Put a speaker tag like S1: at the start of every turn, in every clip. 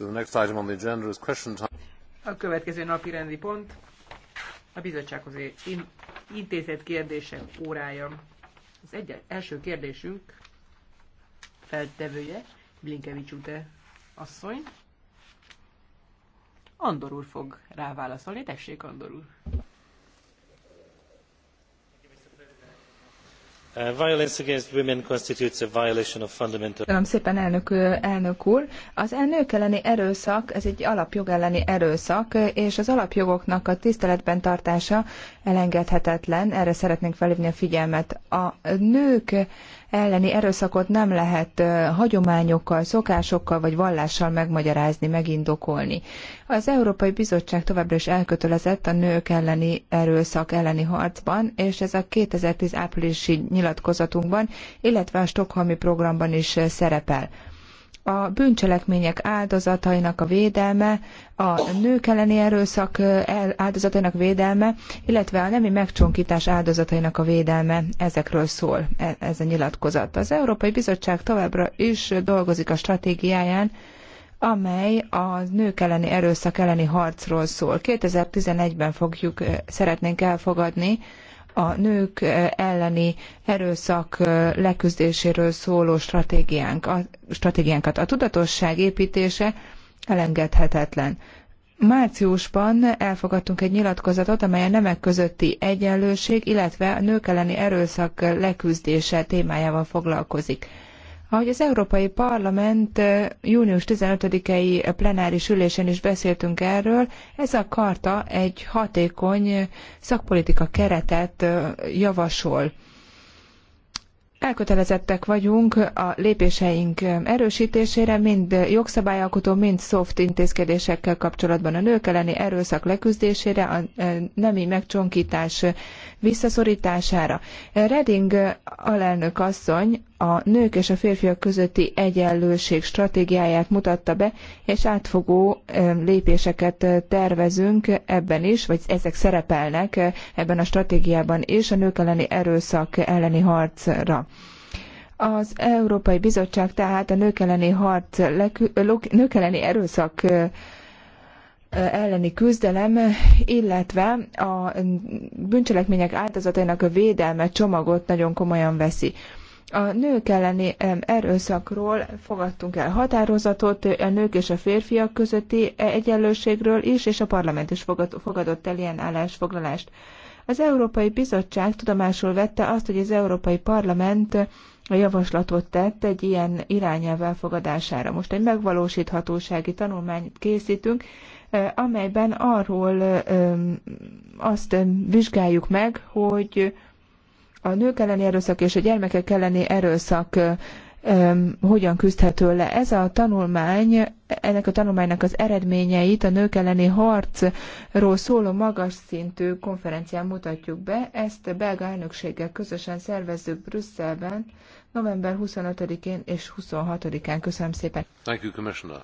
S1: is A következő napi rendi pont a bizottsághoz intézett kérdések órája. Az egy, első kérdésünk feltevője, Blinkevics Ute asszony. Andor úr fog rá válaszolni. Tessék, Andor úr!
S2: Uh, violence szépen, elnök, elnök úr. Az nők elleni erőszak, ez egy alapjog elleni erőszak, és az alapjogoknak a tiszteletben tartása elengedhetetlen. Erre szeretnénk felhívni a figyelmet. A nők elleni erőszakot nem lehet hagyományokkal, szokásokkal vagy vallással megmagyarázni, megindokolni. Az Európai Bizottság továbbra is elkötelezett a nők elleni erőszak elleni harcban, és ez a 2010 áprilisi nyilatkozatunkban, illetve a Stockholmi programban is szerepel a bűncselekmények áldozatainak a védelme, a nők elleni erőszak áldozatainak védelme, illetve a nemi megcsonkítás áldozatainak a védelme, ezekről szól e, ez a nyilatkozat. Az Európai Bizottság továbbra is dolgozik a stratégiáján, amely a nők elleni erőszak elleni harcról szól. 2011-ben fogjuk, szeretnénk elfogadni a nők eh, elleni erőszak eh, leküzdéséről szóló stratégiánk, a, stratégiánkat. A tudatosság építése elengedhetetlen. Márciusban elfogadtunk egy nyilatkozatot, amely a nemek közötti egyenlőség, illetve a nők elleni erőszak leküzdése témájával foglalkozik. Ahogy az Európai Parlament június 15-i plenáris ülésen is beszéltünk erről, ez a karta egy hatékony szakpolitika keretet javasol Elkötelezettek vagyunk a lépéseink erősítésére, mind jogszabályalkotó, mind soft intézkedésekkel kapcsolatban a nők elleni erőszak leküzdésére, a e, nemi megcsonkítás visszaszorítására. Reding alelnök asszony a nők és a férfiak közötti egyenlőség stratégiáját mutatta be, és átfogó e, lépéseket tervezünk ebben is, vagy ezek szerepelnek ebben a stratégiában és a nők elleni erőszak elleni harcra. Az Európai Bizottság tehát a nők elleni harc, nők elleni erőszak elleni küzdelem, illetve a bűncselekmények áldozatainak a védelme csomagot nagyon komolyan veszi. A nők elleni erőszakról fogadtunk el határozatot, a nők és a férfiak közötti egyenlőségről is, és a parlament is fogadott el ilyen állásfoglalást. Az Európai Bizottság tudomásul vette azt, hogy az Európai Parlament a javaslatot tett egy ilyen irányelv elfogadására. Most egy megvalósíthatósági tanulmányt készítünk, eh, amelyben arról eh, azt vizsgáljuk meg, hogy a nők elleni erőszak és a gyermekek elleni erőszak eh, hogyan küzdhető le. Ez a tanulmány, ennek a tanulmánynak az eredményeit a nők elleni harcról szóló magas szintű konferencián mutatjuk be. Ezt a belga elnökséggel közösen szervezzük Brüsszelben november 25-én és 26-án. Köszönöm szépen.
S1: Thank you, Commissioner.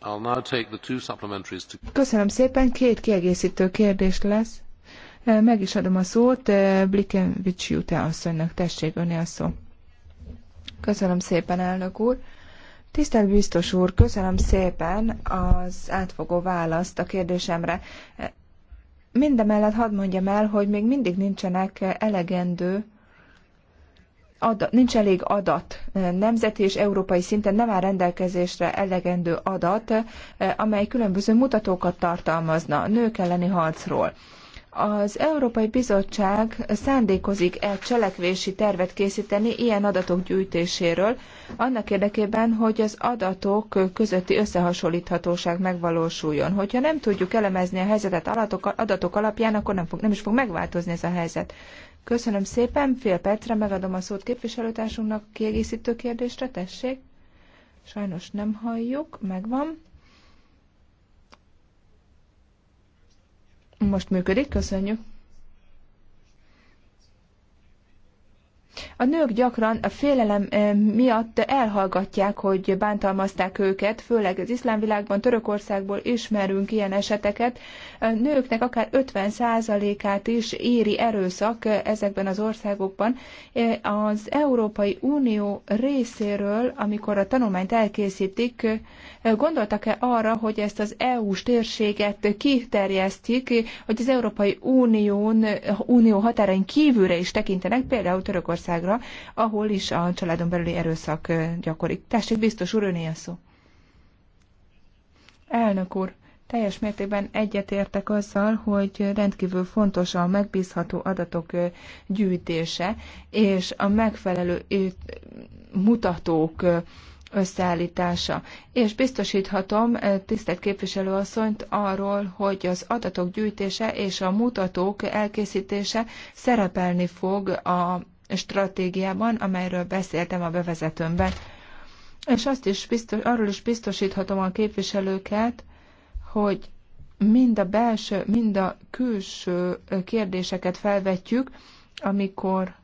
S1: I'll now take the two supplementaries to...
S2: Köszönöm szépen, két kiegészítő kérdés lesz. Meg is adom a szót Blikevics Jute asszonynak. Tessék, öné a szó. Köszönöm szépen, elnök úr. Tisztelt biztos úr, köszönöm szépen az átfogó választ a kérdésemre. Mindemellett hadd mondjam el, hogy még mindig nincsenek elegendő nincs elég adat nemzeti és európai szinten, nem áll rendelkezésre elegendő adat, eh, amely különböző mutatókat tartalmazna a nők elleni harcról. Az Európai Bizottság szándékozik-e cselekvési tervet készíteni ilyen adatok gyűjtéséről, annak érdekében, hogy az adatok közötti összehasonlíthatóság megvalósuljon. Hogyha nem tudjuk elemezni a helyzetet adatok alapján, akkor nem, fog, nem is fog megváltozni ez a helyzet. Köszönöm szépen, fél percre megadom a szót képviselőtársunknak. Kiegészítő kérdésre, tessék. Sajnos nem halljuk, megvan. Most működik, köszönjük. A nők gyakran a félelem miatt elhallgatják, hogy bántalmazták őket, főleg az iszlámvilágban Törökországból ismerünk ilyen eseteket. A nőknek akár 50%-át is éri erőszak ezekben az országokban. Az Európai Unió részéről, amikor a tanulmányt elkészítik, gondoltak-e arra, hogy ezt az EU-s térséget kiterjesztik, hogy az Európai Unión, Unió határain kívülre is tekintenek, például Törökország Magyarországra, ahol is a családon belüli erőszak gyakori. Tessék, biztos úr, öné a szó. Elnök úr, teljes mértékben egyetértek azzal, hogy rendkívül fontos a megbízható adatok gyűjtése, és a megfelelő mutatók összeállítása. És biztosíthatom tisztelt képviselőasszonyt arról, hogy az adatok gyűjtése és a mutatók elkészítése szerepelni fog a stratégiában, amelyről beszéltem a bevezetőmben. És azt is biztos, arról is biztosíthatom a képviselőket, hogy mind a belső, mind a külső kérdéseket felvetjük, amikor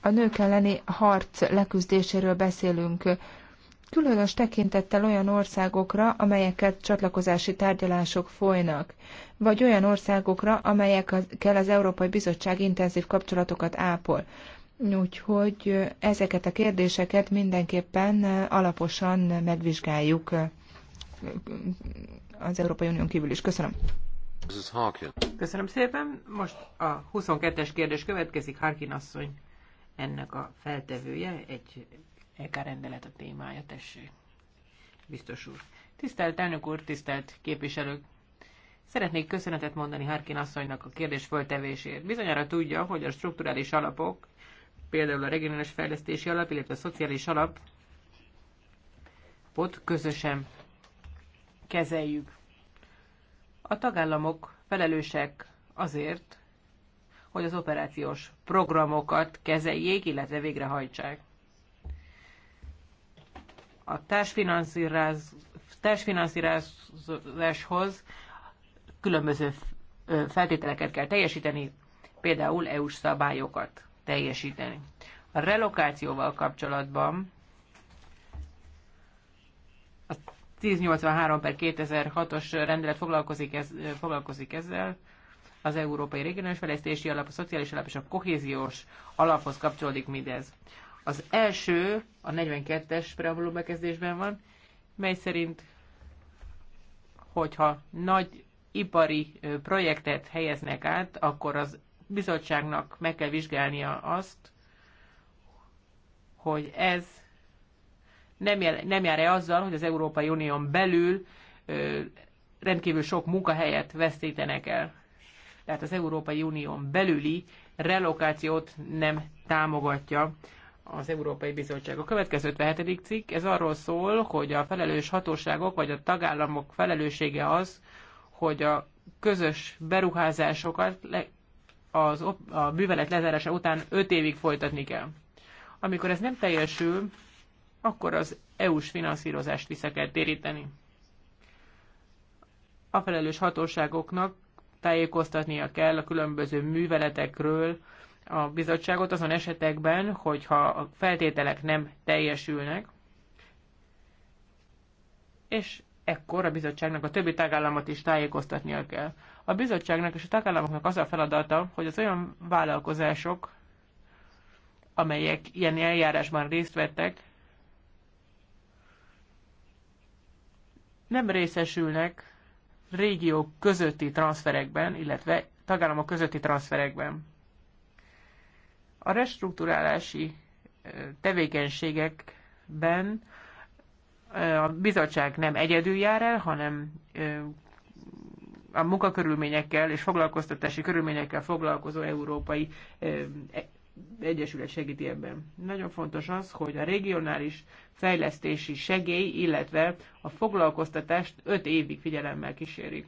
S2: a nők elleni harc leküzdéséről beszélünk különös tekintettel olyan országokra, amelyeket csatlakozási tárgyalások folynak, vagy olyan országokra, amelyekkel az Európai Bizottság intenzív kapcsolatokat ápol. Úgyhogy ezeket a kérdéseket mindenképpen alaposan megvizsgáljuk az Európai Unión kívül is. Köszönöm.
S1: Köszönöm szépen. Most a 22-es kérdés következik, Harkin asszony ennek a feltevője, egy EK rendelet a témája, tessék. Biztos úr. Tisztelt elnök úr, tisztelt képviselők! Szeretnék köszönetet mondani Harkin asszonynak a kérdés föltevésért. Bizonyára tudja, hogy a strukturális alapok, például a regionális fejlesztési alap, illetve a szociális alap ott közösen kezeljük. A tagállamok felelősek azért, hogy az operációs programokat kezeljék, illetve végrehajtsák a társfinanszírozáshoz különböző feltételeket kell teljesíteni, például EU-s szabályokat teljesíteni. A relokációval kapcsolatban a 1083 per 2006-os rendelet foglalkozik, ez, foglalkozik ezzel, az Európai Régionális Fejlesztési Alap, a Szociális Alap és a Kohéziós Alaphoz kapcsolódik mindez. Az első a 42-es preambuló bekezdésben van, mely szerint, hogyha nagy ipari projektet helyeznek át, akkor az bizottságnak meg kell vizsgálnia azt, hogy ez nem, jel, nem jár-e azzal, hogy az Európai Unión belül ö, rendkívül sok munkahelyet vesztítenek el. Tehát az Európai Unión belüli relokációt nem támogatja az Európai Bizottság. A következő 57. cikk, ez arról szól, hogy a felelős hatóságok vagy a tagállamok felelőssége az, hogy a közös beruházásokat le, az, a művelet lezárása után 5 évig folytatni kell. Amikor ez nem teljesül, akkor az EU-s finanszírozást vissza kell téríteni. A felelős hatóságoknak tájékoztatnia kell a különböző műveletekről, a bizottságot azon esetekben, hogyha a feltételek nem teljesülnek, és ekkor a bizottságnak a többi tagállamot is tájékoztatnia kell. A bizottságnak és a tagállamoknak az a feladata, hogy az olyan vállalkozások, amelyek ilyen eljárásban részt vettek, nem részesülnek régiók közötti transferekben, illetve tagállamok közötti transferekben. A restruktúrálási tevékenységekben a bizottság nem egyedül jár el, hanem a munkakörülményekkel és foglalkoztatási körülményekkel foglalkozó Európai e, Egyesület segíti ebben. Nagyon fontos az, hogy a regionális fejlesztési segély, illetve a foglalkoztatást 5 évig figyelemmel kísérik.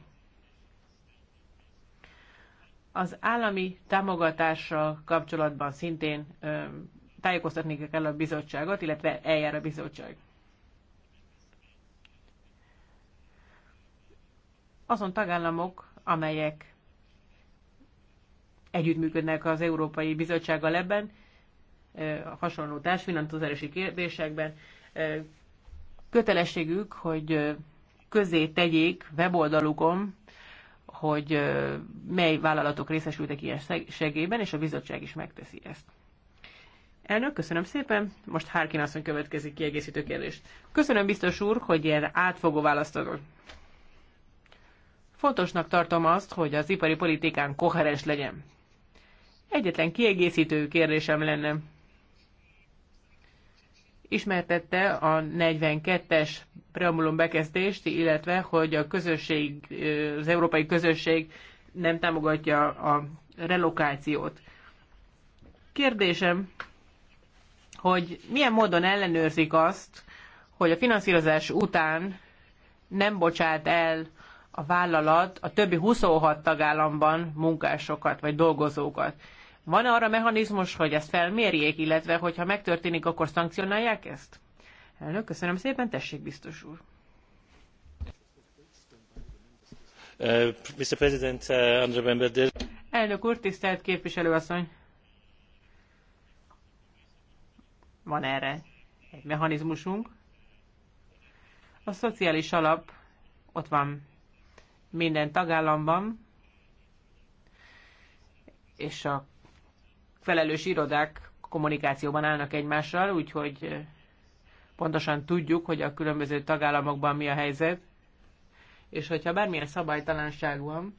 S1: Az állami támogatással kapcsolatban szintén tájékoztatni kell a bizottságot, illetve eljár a bizottság. Azon tagállamok, amelyek együttműködnek az Európai Bizottsággal ebben, a hasonló társfinanszírozási kérdésekben, kötelességük, hogy közé tegyék weboldalukon hogy mely vállalatok részesültek ilyen segélyben, és a bizottság is megteszi ezt. Elnök, köszönöm szépen. Most Harkin asszony következik kiegészítő kérdést. Köszönöm biztos úr, hogy ilyen átfogó választ adott. Fontosnak tartom azt, hogy az ipari politikán koherens legyen. Egyetlen kiegészítő kérdésem lenne ismertette a 42-es preambulum bekezdést, illetve hogy a közösség, az európai közösség nem támogatja a relokációt. Kérdésem, hogy milyen módon ellenőrzik azt, hogy a finanszírozás után nem bocsát el a vállalat a többi 26 tagállamban munkásokat vagy dolgozókat. Van arra mechanizmus, hogy ezt felmérjék, illetve hogyha megtörténik, akkor szankcionálják ezt? Elnök, köszönöm szépen, tessék biztos úr.
S3: Uh, Mr. President, uh, honorable this...
S1: Elnök úr, tisztelt képviselőasszony! Van erre egy mechanizmusunk. A szociális alap ott van minden tagállamban, és a felelős irodák kommunikációban állnak egymással, úgyhogy eh, pontosan tudjuk, hogy a különböző tagállamokban mi a helyzet, és hogyha bármilyen szabálytalanság van,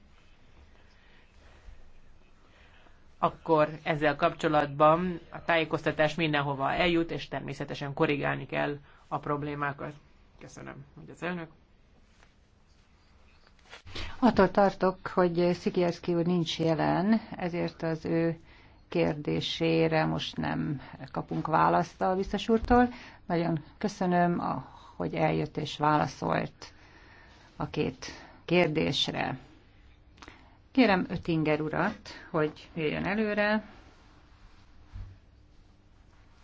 S1: akkor ezzel kapcsolatban a tájékoztatás mindenhova eljut, és természetesen korrigálni kell a problémákat. Köszönöm, hogy az elnök.
S3: Attól tartok, hogy Szikierszki úr nincs jelen, ezért az ő kérdésére most nem kapunk választ a biztos úrtól. Nagyon köszönöm, hogy eljött és válaszolt a két kérdésre. Kérem Ötinger urat, hogy jöjjön előre.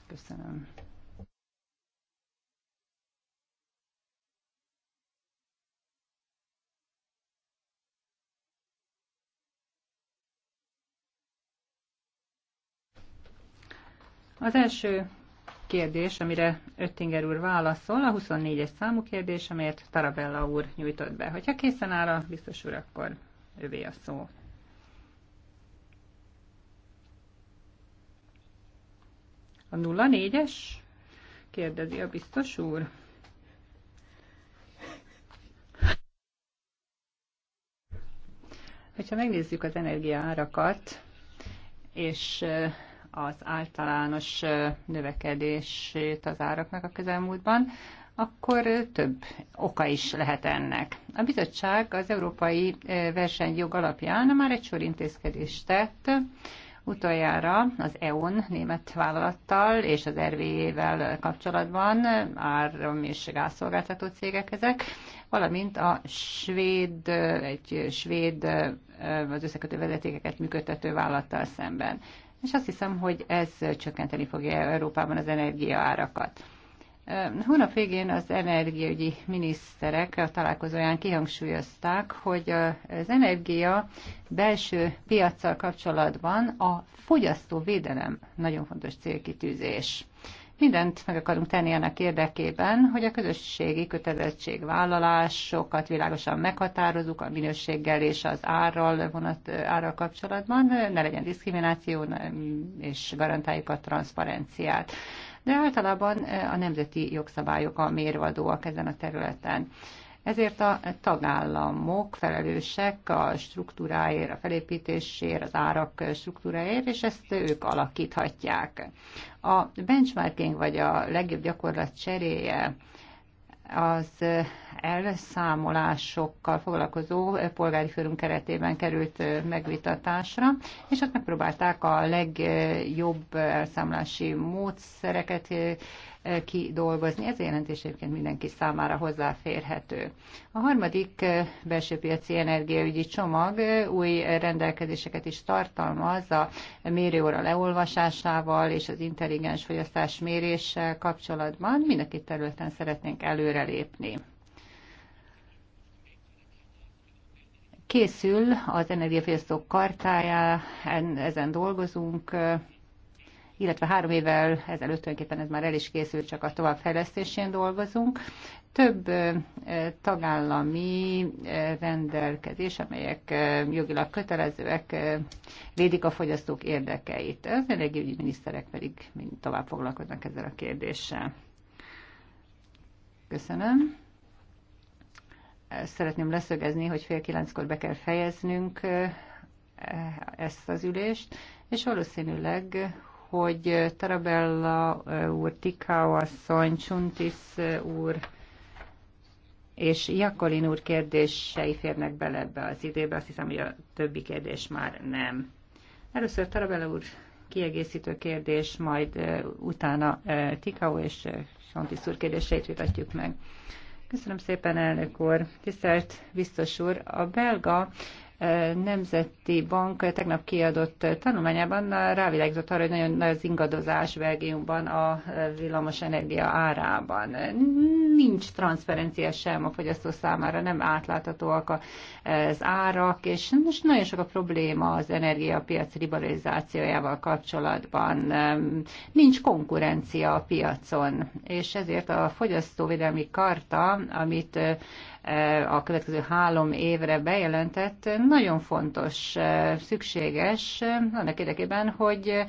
S3: Köszönöm. Az első kérdés, amire Öttinger úr válaszol, a 24-es számú kérdés, amelyet Tarabella úr nyújtott be. Hogyha készen áll a biztos úr, akkor övé a szó. A 04-es? Kérdezi a biztos úr. Hogyha megnézzük az energiaárakat, és az általános növekedését az áraknak a közelmúltban, akkor több oka is lehet ennek. A bizottság az európai versenyjog alapján már egy sor intézkedést tett, Utoljára az EON német vállalattal és az RVE-vel kapcsolatban áram- és gázszolgáltató cégek ezek, valamint a svéd, egy svéd az összekötő vezetékeket működtető vállalattal szemben és azt hiszem, hogy ez csökkenteni fogja Európában az energiaárakat. Hónap végén az energiaügyi miniszterek a találkozóján kihangsúlyozták, hogy az energia belső piaccal kapcsolatban a fogyasztóvédelem nagyon fontos célkitűzés mindent meg akarunk tenni ennek érdekében, hogy a közösségi kötelezettségvállalásokat világosan meghatározunk a minőséggel és az árral, vonat, árral kapcsolatban, ne legyen diszkrimináció, és garantáljuk a transzparenciát. De általában eh, a nemzeti jogszabályok a mérvadóak ezen a területen. Ezért a tagállamok felelősek a struktúráért, a felépítésért, az árak struktúráért, és ezt ők alakíthatják. A benchmarking vagy a legjobb gyakorlat cseréje az elszámolásokkal foglalkozó polgári fórum keretében került megvitatásra, és ott megpróbálták a legjobb elszámolási módszereket kidolgozni. Ez a jelentés egyébként mindenki számára hozzáférhető. A harmadik belső piaci energiaügyi csomag új rendelkezéseket is tartalmaz a mérőóra leolvasásával és az intelligens fogyasztás méréssel kapcsolatban. Mind a két területen szeretnénk előrelépni. Készül az energiafogyasztók kartája, ezen dolgozunk, illetve három évvel ezelőtt tulajdonképpen ez már el is készült, csak a továbbfejlesztésén dolgozunk. Több tagállami rendelkezés, amelyek jogilag kötelezőek, védik a fogyasztók érdekeit. Az energiaügyi miniszterek pedig mind tovább foglalkoznak ezzel a kérdéssel. Köszönöm szeretném leszögezni, hogy fél kilenckor be kell fejeznünk ezt az ülést, és valószínűleg, hogy Tarabella úr, Tikau asszony, Csuntis úr és Jakolin úr kérdései férnek bele ebbe az időbe, azt hiszem, hogy a többi kérdés már nem. Először Tarabella úr kiegészítő kérdés, majd utána Tikau és Csuntis úr kérdéseit vitatjuk meg. Köszönöm szépen, elnök úr. Tisztelt biztos úr, a belga Nemzeti Bank tegnap kiadott tanulmányában rávilágított arra, hogy nagyon nagy az ingadozás Belgiumban a villamos energia árában. Nincs transzferencia sem a fogyasztó számára, nem átláthatóak az árak, és most nagyon sok a probléma az energiapiac liberalizációjával kapcsolatban. Nincs konkurencia a piacon, és ezért a fogyasztóvédelmi karta, amit a következő három évre bejelentett, nagyon fontos, szükséges annak érdekében, hogy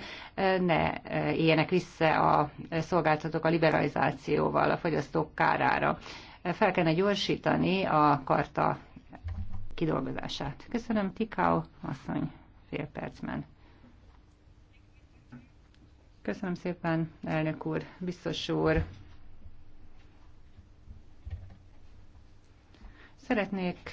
S3: ne éljenek vissza a szolgáltatók a liberalizációval a fogyasztók kárára. Fel kellene gyorsítani a karta kidolgozását. Köszönöm, Tikau asszony, fél percben. Köszönöm szépen, elnök úr, biztos úr. Szeretnék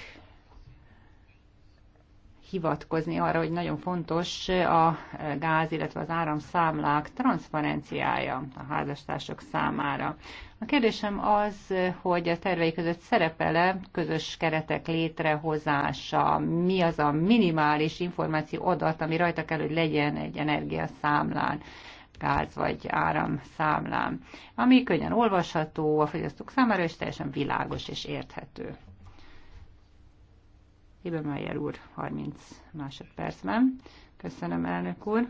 S3: hivatkozni arra, hogy nagyon fontos a gáz, illetve az áramszámlák transzparenciája a házastársak számára. A kérdésem az, hogy a tervei között szerepele közös keretek létrehozása, mi az a minimális információ adat, ami rajta kell, hogy legyen egy energiaszámlán gáz vagy áramszámlán, ami könnyen olvasható a fogyasztók számára, és teljesen világos és érthető. Ibemeyer úr 30 másodpercben. Köszönöm, elnök úr.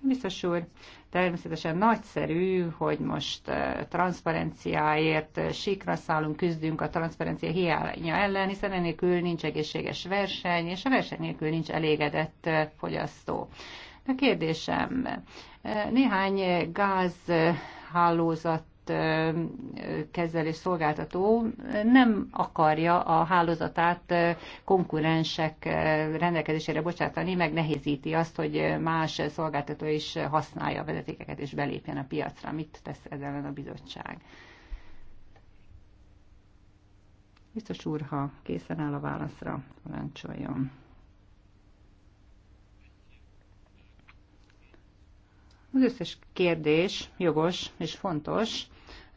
S3: Biztos úr, természetesen nagyszerű, hogy most eh, transzparenciáért eh, síkra szállunk, küzdünk a transzparencia hiánya ellen, hiszen enélkül nincs egészséges verseny, és a verseny nélkül nincs elégedett eh, fogyasztó. A kérdésem, néhány gázhálózat kezelés szolgáltató nem akarja a hálózatát konkurensek rendelkezésére bocsátani, meg nehézíti azt, hogy más szolgáltató is használja a vezetékeket és belépjen a piacra. Mit tesz ezzel a bizottság? Biztos úr, ha készen áll a válaszra, parancsoljon. Az összes kérdés jogos és fontos,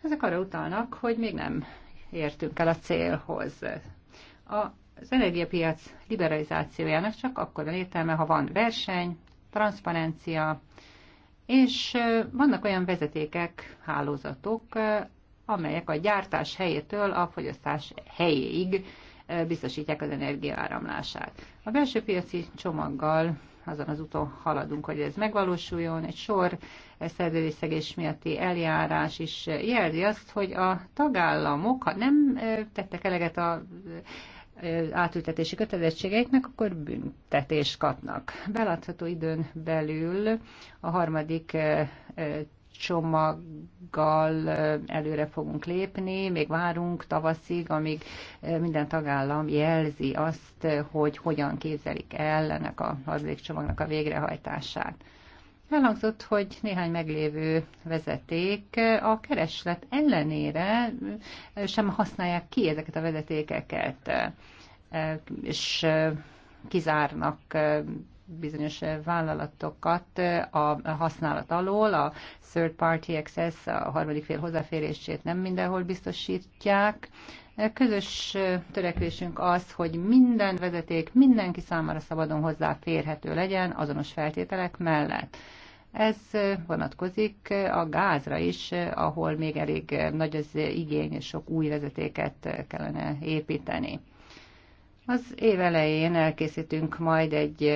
S3: ezek arra utalnak, hogy még nem értünk el a célhoz. A az energiapiac liberalizációjának csak akkor van értelme, ha van verseny, transzparencia, és vannak olyan vezetékek, hálózatok, amelyek a gyártás helyétől a fogyasztás helyéig biztosítják az energiaáramlását. A belső piaci csomaggal azon az úton haladunk, hogy ez megvalósuljon. Egy sor szerződésszegés miatti eljárás is jelzi azt, hogy a tagállamok, ha nem tettek eleget a átültetési kötelezettségeiknek, akkor büntetést kapnak. Belátható időn belül a harmadik csomaggal előre fogunk lépni, még várunk tavaszig, amíg minden tagállam jelzi azt, hogy hogyan képzelik el ennek a hazlékcsomagnak a végrehajtását. Elhangzott, hogy néhány meglévő vezeték a kereslet ellenére sem használják ki ezeket a vezetékeket, és kizárnak bizonyos vállalatokat a használat alól, a third party access, a harmadik fél hozzáférését nem mindenhol biztosítják. Közös törekvésünk az, hogy minden vezeték mindenki számára szabadon hozzáférhető legyen azonos feltételek mellett. Ez vonatkozik a gázra is, ahol még elég nagy az igény, és sok új vezetéket kellene építeni. Az év elején elkészítünk majd egy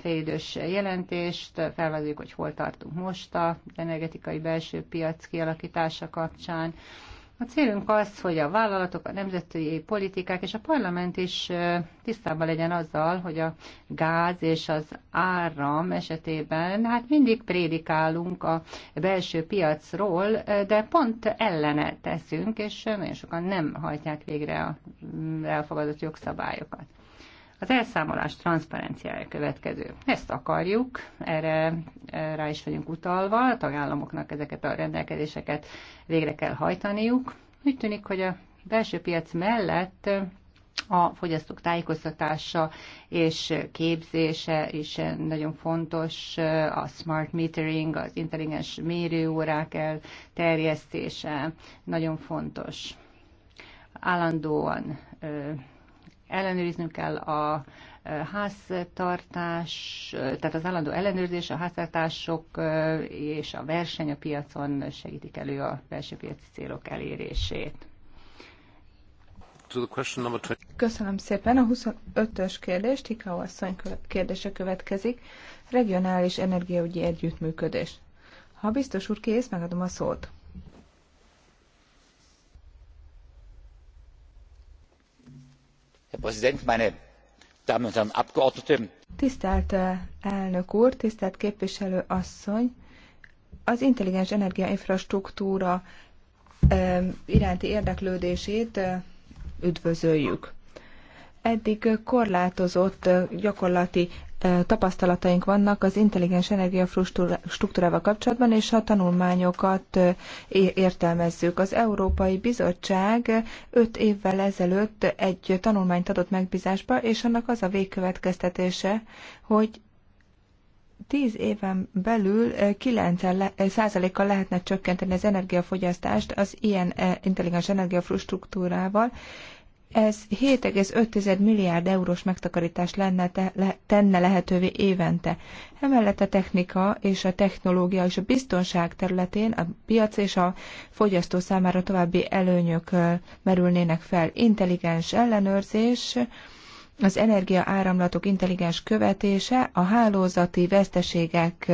S3: félidős jelentést, felvázoljuk, hogy hol tartunk most a energetikai belső piac kialakítása kapcsán, a célunk az, hogy a vállalatok, a nemzeti politikák és a parlament is tisztában legyen azzal, hogy a gáz és az áram esetében hát mindig prédikálunk a belső piacról, de pont ellene teszünk, és nagyon sokan nem hajtják végre a mm, elfogadott jogszabályokat. Az elszámolás transzparenciája következő. Ezt akarjuk, erre eh, rá is vagyunk utalva, a tagállamoknak ezeket a rendelkezéseket végre kell hajtaniuk. Úgy tűnik, hogy a belső piac mellett eh, a fogyasztók tájékoztatása és képzése is nagyon fontos, eh, a smart metering, az intelligens mérőórák elterjesztése nagyon fontos. Állandóan ellenőriznünk kell a e, háztartás, e, tehát az állandó ellenőrzés, a háztartások e, és a verseny a piacon segítik elő a belső piaci célok elérését.
S2: Köszönöm szépen. A 25-ös kérdés, Tika asszony kérdése következik. Regionális energiaügyi együttműködés. Ha biztos úr kész, megadom a szót. herr
S1: präsident meine damen und herren abgeordnete!
S2: tisztelt eh, elnök úr tisztelt képviselő asszony! az intelligens energiainfrastruktúra eh, iránti érdeklődését eh, üdvözöljük. eddig korlátozott gyakorlati tapasztalataink vannak az intelligens energiastruktúrával kapcsolatban, és a tanulmányokat értelmezzük. Az Európai Bizottság öt évvel ezelőtt egy tanulmányt adott megbízásba, és annak az a végkövetkeztetése, hogy tíz éven belül 9%-kal lehetne csökkenteni az energiafogyasztást az ilyen intelligens energiastruktúrával, ez 7,5 milliárd eurós megtakarítást lenne te, le, tenne lehetővé évente. Emellett a technika és a technológia és a biztonság területén a piac és a fogyasztó számára további előnyök merülnének fel. Intelligens ellenőrzés, az energiaáramlatok intelligens követése, a hálózati veszteségek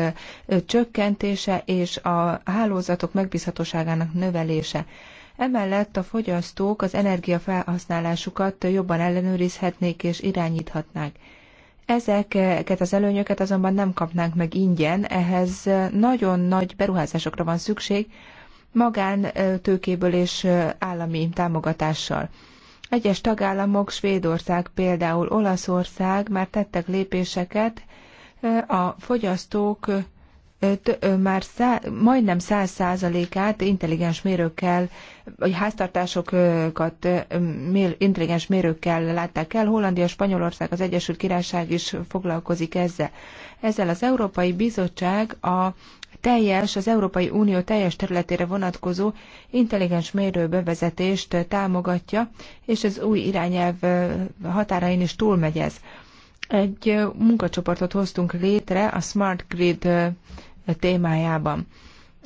S2: csökkentése és a hálózatok megbízhatóságának növelése. Emellett a fogyasztók az energiafelhasználásukat jobban ellenőrizhetnék és irányíthatnák. Ezeket az előnyöket azonban nem kapnánk meg ingyen, ehhez nagyon nagy beruházásokra van szükség, magántőkéből és állami támogatással. Egyes tagállamok, Svédország, például Olaszország már tettek lépéseket a fogyasztók már szá, majdnem száz százalékát intelligens mérőkkel, vagy háztartásokat intelligens mérőkkel látták el. Hollandia, Spanyolország, az Egyesült Királyság is foglalkozik ezzel. Ezzel az Európai Bizottság a teljes, az Európai Unió teljes területére vonatkozó intelligens mérő bevezetést támogatja, és az új irányelv határain is túlmegy ez. Egy munkacsoportot hoztunk létre a Smart Grid témájában.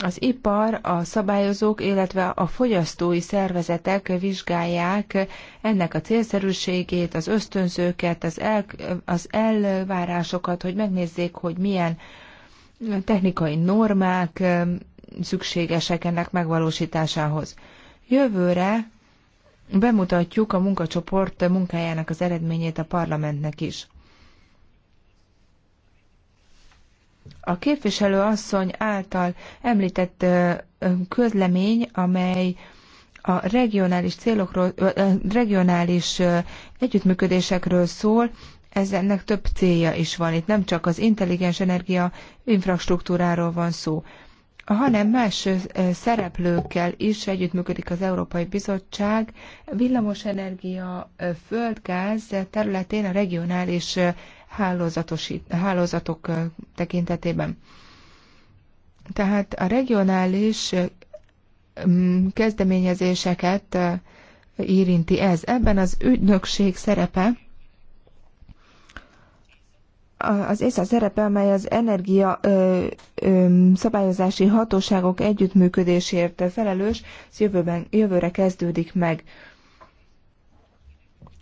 S2: Az ipar, a szabályozók, illetve a fogyasztói szervezetek vizsgálják ennek a célszerűségét, az ösztönzőket, az, el, az elvárásokat, hogy megnézzék, hogy milyen technikai normák szükségesek ennek megvalósításához. Jövőre bemutatjuk a munkacsoport munkájának az eredményét a parlamentnek is. A képviselő asszony által említett közlemény, amely a regionális célokról, regionális együttműködésekről szól, ez ennek több célja is van. Itt nem csak az intelligens energia infrastruktúráról van szó, hanem más szereplőkkel is együttműködik az Európai Bizottság villamosenergia, földgáz területén a regionális hálózatok tekintetében. Tehát a regionális kezdeményezéseket érinti ez. Ebben az ügynökség szerepe, az ÉSZA szerepe, amely az energia ö, ö, szabályozási hatóságok együttműködésért felelős, jövőben, jövőre kezdődik meg.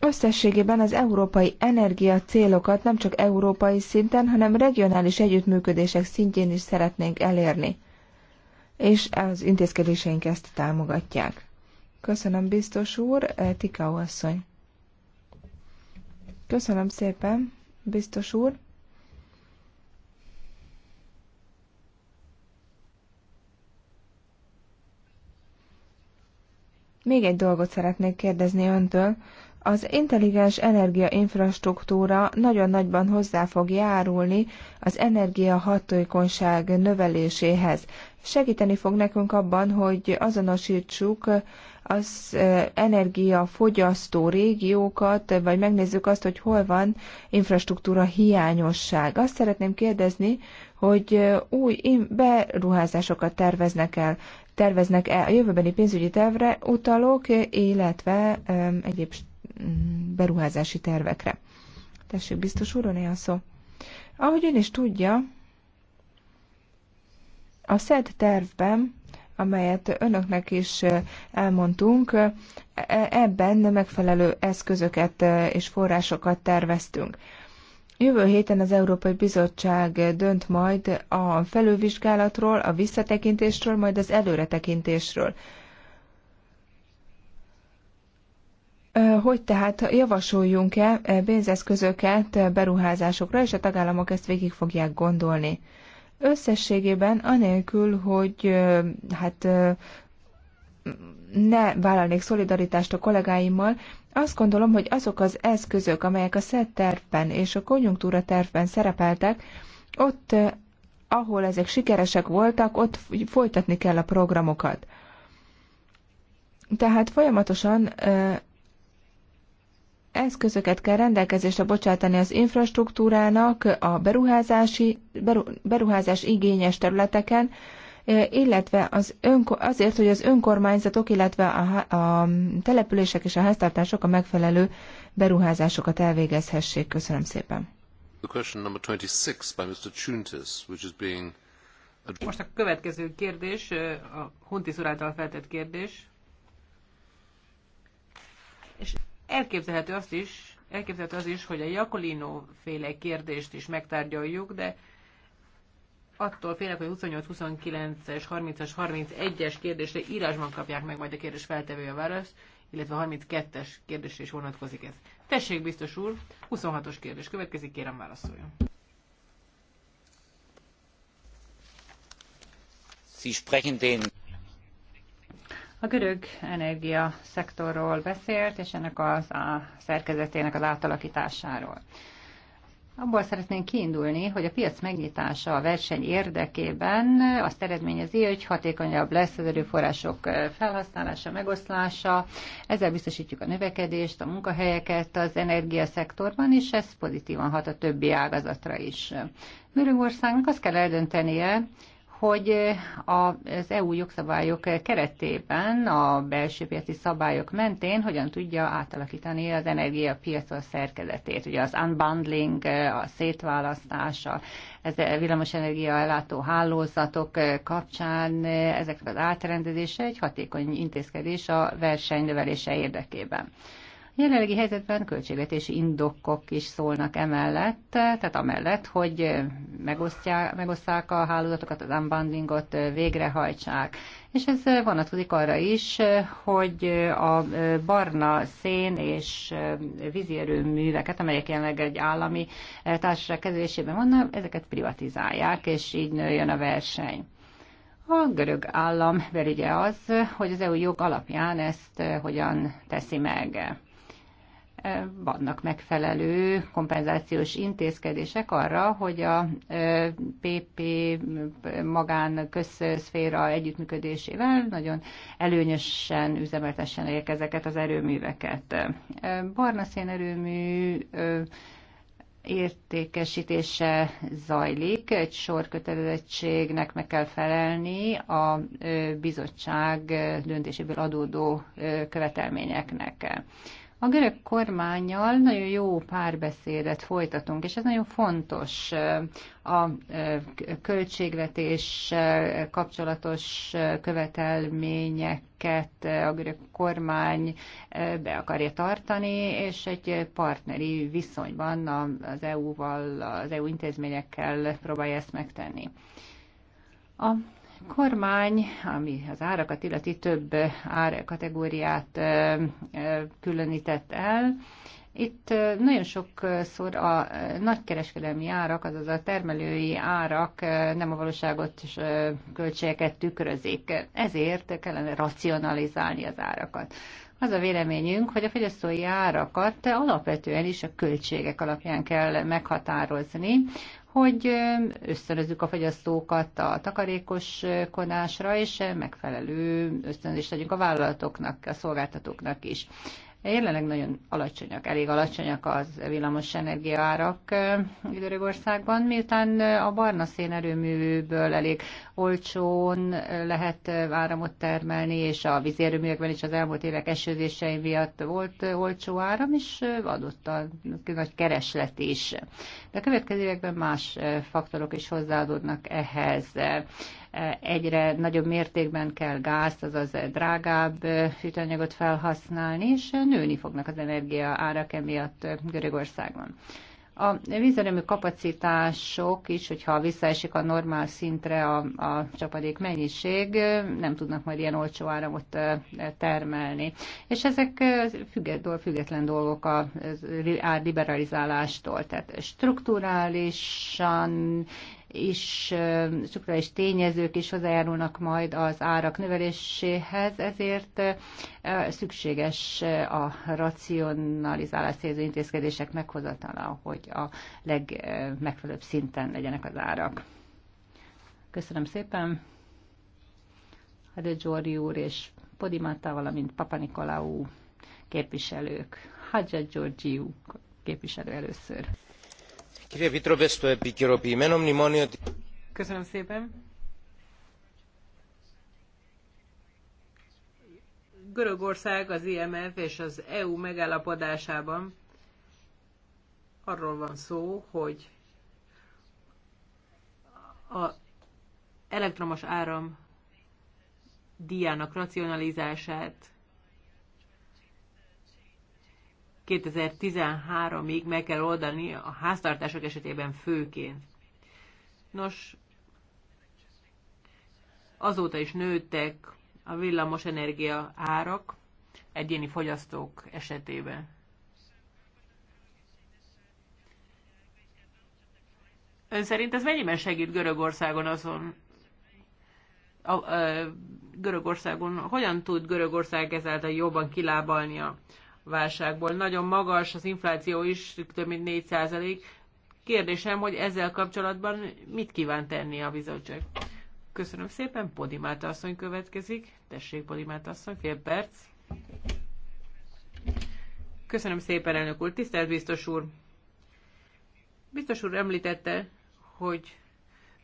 S2: Összességében az európai energia célokat nem csak európai szinten, hanem regionális együttműködések szintjén is szeretnénk elérni. És az intézkedéseink ezt támogatják. Köszönöm, biztos úr, Tikau asszony. Köszönöm szépen, biztos úr. Még egy dolgot szeretnék kérdezni öntől. Az intelligens energiainfrastruktúra nagyon nagyban hozzá fog járulni az energiahatékonyság növeléséhez. Segíteni fog nekünk abban, hogy azonosítsuk az energiafogyasztó régiókat, vagy megnézzük azt, hogy hol van infrastruktúra hiányosság. Azt szeretném kérdezni, hogy új beruházásokat terveznek el, terveznek el a jövőbeni pénzügyi tervre utalók, illetve egyéb beruházási tervekre. Tessék, biztos úr, a szó. Ahogy ön is tudja, a SZED tervben, amelyet önöknek is elmondtunk, ebben megfelelő eszközöket és forrásokat terveztünk. Jövő héten az Európai Bizottság dönt majd a felülvizsgálatról, a visszatekintésről, majd az előretekintésről. Hogy tehát javasoljunk-e pénzeszközöket beruházásokra, és a tagállamok ezt végig fogják gondolni. Összességében anélkül, hogy hát ne vállalnék szolidaritást a kollégáimmal, azt gondolom, hogy azok az eszközök, amelyek a SZED tervben és a konjunktúra tervben szerepeltek, ott, ahol ezek sikeresek voltak, ott folytatni kell a programokat. Tehát folyamatosan eszközöket kell rendelkezésre bocsátani az infrastruktúrának a beruházási, beru, beruházás igényes területeken, e, illetve az önko, azért, hogy az önkormányzatok, illetve a, a települések és a háztartások a megfelelő beruházásokat elvégezhessék. Köszönöm szépen.
S1: Most a következő kérdés, a Huntis által feltett kérdés. És Elképzelhető azt is, elképzelhető az is, hogy a Jakolino féle kérdést is megtárgyaljuk, de attól félek, hogy 28, 29-es, 30-as, 31-es kérdésre írásban kapják meg majd a kérdés feltevő a választ, illetve a 32-es kérdésre is vonatkozik ez. Tessék, biztos úr, 26-os kérdés következik, kérem válaszoljon. Sie sprechen den
S3: a görög energia szektorról beszélt, és ennek az a szerkezetének az átalakításáról. Abból szeretnénk kiindulni, hogy a piac megnyitása a verseny érdekében azt eredményezi, hogy hatékonyabb lesz az erőforrások felhasználása, megoszlása, ezzel biztosítjuk a növekedést, a munkahelyeket az energiaszektorban, és ez pozitívan hat a többi ágazatra is. Mörögországnak azt kell eldöntenie, hogy az EU jogszabályok keretében, a belső piaci szabályok mentén hogyan tudja átalakítani az energiapiacon szerkezetét. Ugye az unbundling, a szétválasztás, ez a villamosenergia ellátó hálózatok kapcsán ezek az átrendezése egy hatékony intézkedés a verseny növelése érdekében. Jelenlegi helyzetben költségvetési indokok is szólnak emellett, tehát amellett, hogy megosztják, a hálózatokat, az unbundlingot végrehajtsák. És ez vonatkozik arra is, hogy a barna szén és vízierőműveket, amelyek jelenleg egy állami társaság kezelésében vannak, ezeket privatizálják, és így nőjön a verseny. A görög állam belügye az, hogy az EU jog alapján ezt hogyan teszi meg. Eh, vannak megfelelő kompenzációs intézkedések arra, hogy a PP eh, magán közszféra együttműködésével nagyon előnyösen üzemeltessenek ezeket az erőműveket. Eh, barna erőmű értékesítése zajlik, egy sor kötelezettségnek meg kell felelni a bizottság döntéséből adódó követelményeknek. A görög kormányjal nagyon jó párbeszédet folytatunk, és ez nagyon fontos a költségvetés kapcsolatos követelményeket a görög kormány be akarja tartani, és egy partneri viszonyban az EU-val, az EU intézményekkel próbálja ezt megtenni. A kormány, ami az árakat illeti több árkategóriát különített el, itt nagyon sokszor a nagykereskedelmi árak, azaz a termelői árak nem a valóságot és költségeket tükrözik. Ezért kellene racionalizálni az árakat. Az a véleményünk, hogy a fogyasztói árakat alapvetően is a költségek alapján kell meghatározni, hogy ösztönözzük a fogyasztókat a takarékos konásra és megfelelő ösztönzést adjunk a vállalatoknak, a szolgáltatóknak is. Jelenleg nagyon alacsonyak, elég alacsonyak az villamos energiaárak Görögországban, miután a barna szénerőműből elég olcsón lehet áramot termelni, és a vízérőművekben is az elmúlt évek esőzései miatt volt olcsó áram, és adott a nagy kereslet is. De a következő években más faktorok is hozzáadódnak ehhez egyre nagyobb mértékben kell gázt, azaz drágább fűtőanyagot felhasználni, és nőni fognak az energia árak emiatt Görögországban. A vízerőmű kapacitások is, hogyha visszaesik a normál szintre a, a csapadék mennyiség, nem tudnak majd ilyen olcsó áramot termelni. És ezek független, független dolgok a liberalizálástól. Tehát strukturálisan is, strukturális tényezők is hozzájárulnak majd az árak növeléséhez, ezért szükséges a racionalizálás célzó intézkedések meghozatala, hogy a legmegfelelőbb szinten legyenek az árak. Köszönöm szépen. Hade Giorgi úr és Podimata, valamint Papa Nikolaou képviselők. Hadja Giorgiu
S1: képviselő először szépen. Görögország az IMF és az EU megállapodásában arról van szó, hogy a elektromos áram djának racionalizálását 2013-ig meg kell oldani a háztartások esetében főként. Nos, azóta is nőttek a villamosenergia árak egyéni fogyasztók esetében. Ön szerint ez mennyiben segít Görögországon azon, a, a, Görögországon, hogyan tud Görögország ezáltal jobban kilábalni a válságból. Nagyon magas az infláció is, több mint 4 százalék. Kérdésem, hogy ezzel kapcsolatban mit kíván tenni a bizottság? Köszönöm szépen, Podimát asszony következik. Tessék, Podimát asszony, fél perc. Köszönöm szépen, elnök úr. Tisztelt biztos úr! Biztos úr említette, hogy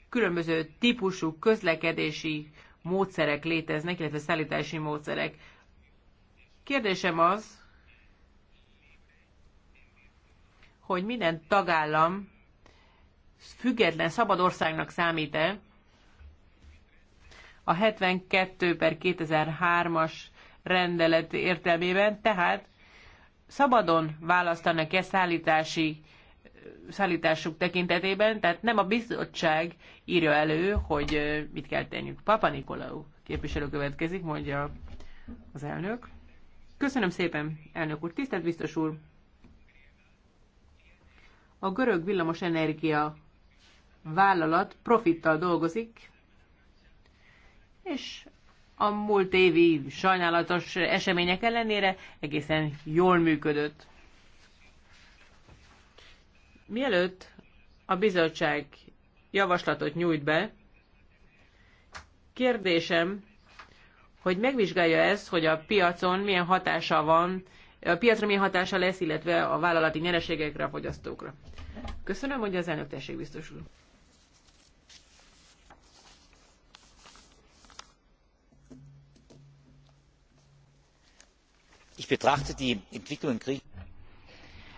S1: különböző típusú közlekedési módszerek léteznek, illetve szállítási módszerek. Kérdésem az, hogy minden tagállam független szabad országnak számít-e a 72 per 2003-as rendelet értelmében, tehát szabadon választanak-e szállítási szállításuk tekintetében, tehát nem a bizottság írja elő, hogy mit kell tenniük. Papa Nikolaou képviselő következik, mondja az elnök. Köszönöm szépen, elnök úr. Tisztelt biztos úr, a görög villamos energia vállalat profittal dolgozik, és a múlt évi sajnálatos események ellenére egészen jól működött. Mielőtt a bizottság javaslatot nyújt be, kérdésem, hogy megvizsgálja ezt, hogy a piacon milyen hatása van a piacra milyen hatása lesz, illetve a vállalati nyereségekre, a fogyasztókra. Köszönöm, hogy az elnök tessék biztos úr.
S2: Ich betrachte die Entwicklung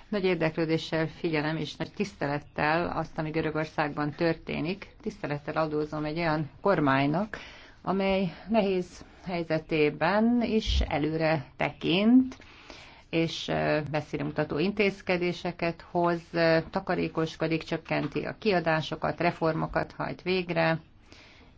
S3: nagy érdeklődéssel figyelem és nagy tisztelettel azt, ami Görögországban történik. Tisztelettel adózom egy olyan kormánynak, amely nehéz helyzetében is előre tekint, és messzire mutató intézkedéseket hoz, takarékoskodik, csökkenti a kiadásokat, reformokat hajt végre,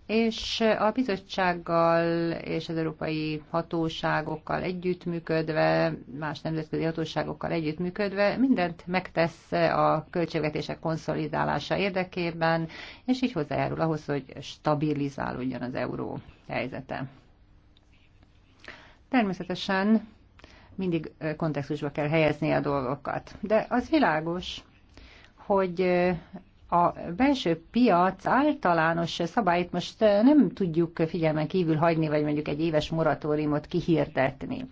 S3: és a bizottsággal és az európai hatóságokkal együttműködve, más nemzetközi hatóságokkal együttműködve mindent megtesz a költségvetések konszolidálása érdekében, és így hozzájárul ahhoz, hogy stabilizálódjon az euró helyzete. Természetesen mindig kontextusba kell helyezni a dolgokat. De az világos, hogy a belső piac általános szabályt most nem tudjuk figyelmen kívül hagyni, vagy mondjuk egy éves moratóriumot kihirdetni.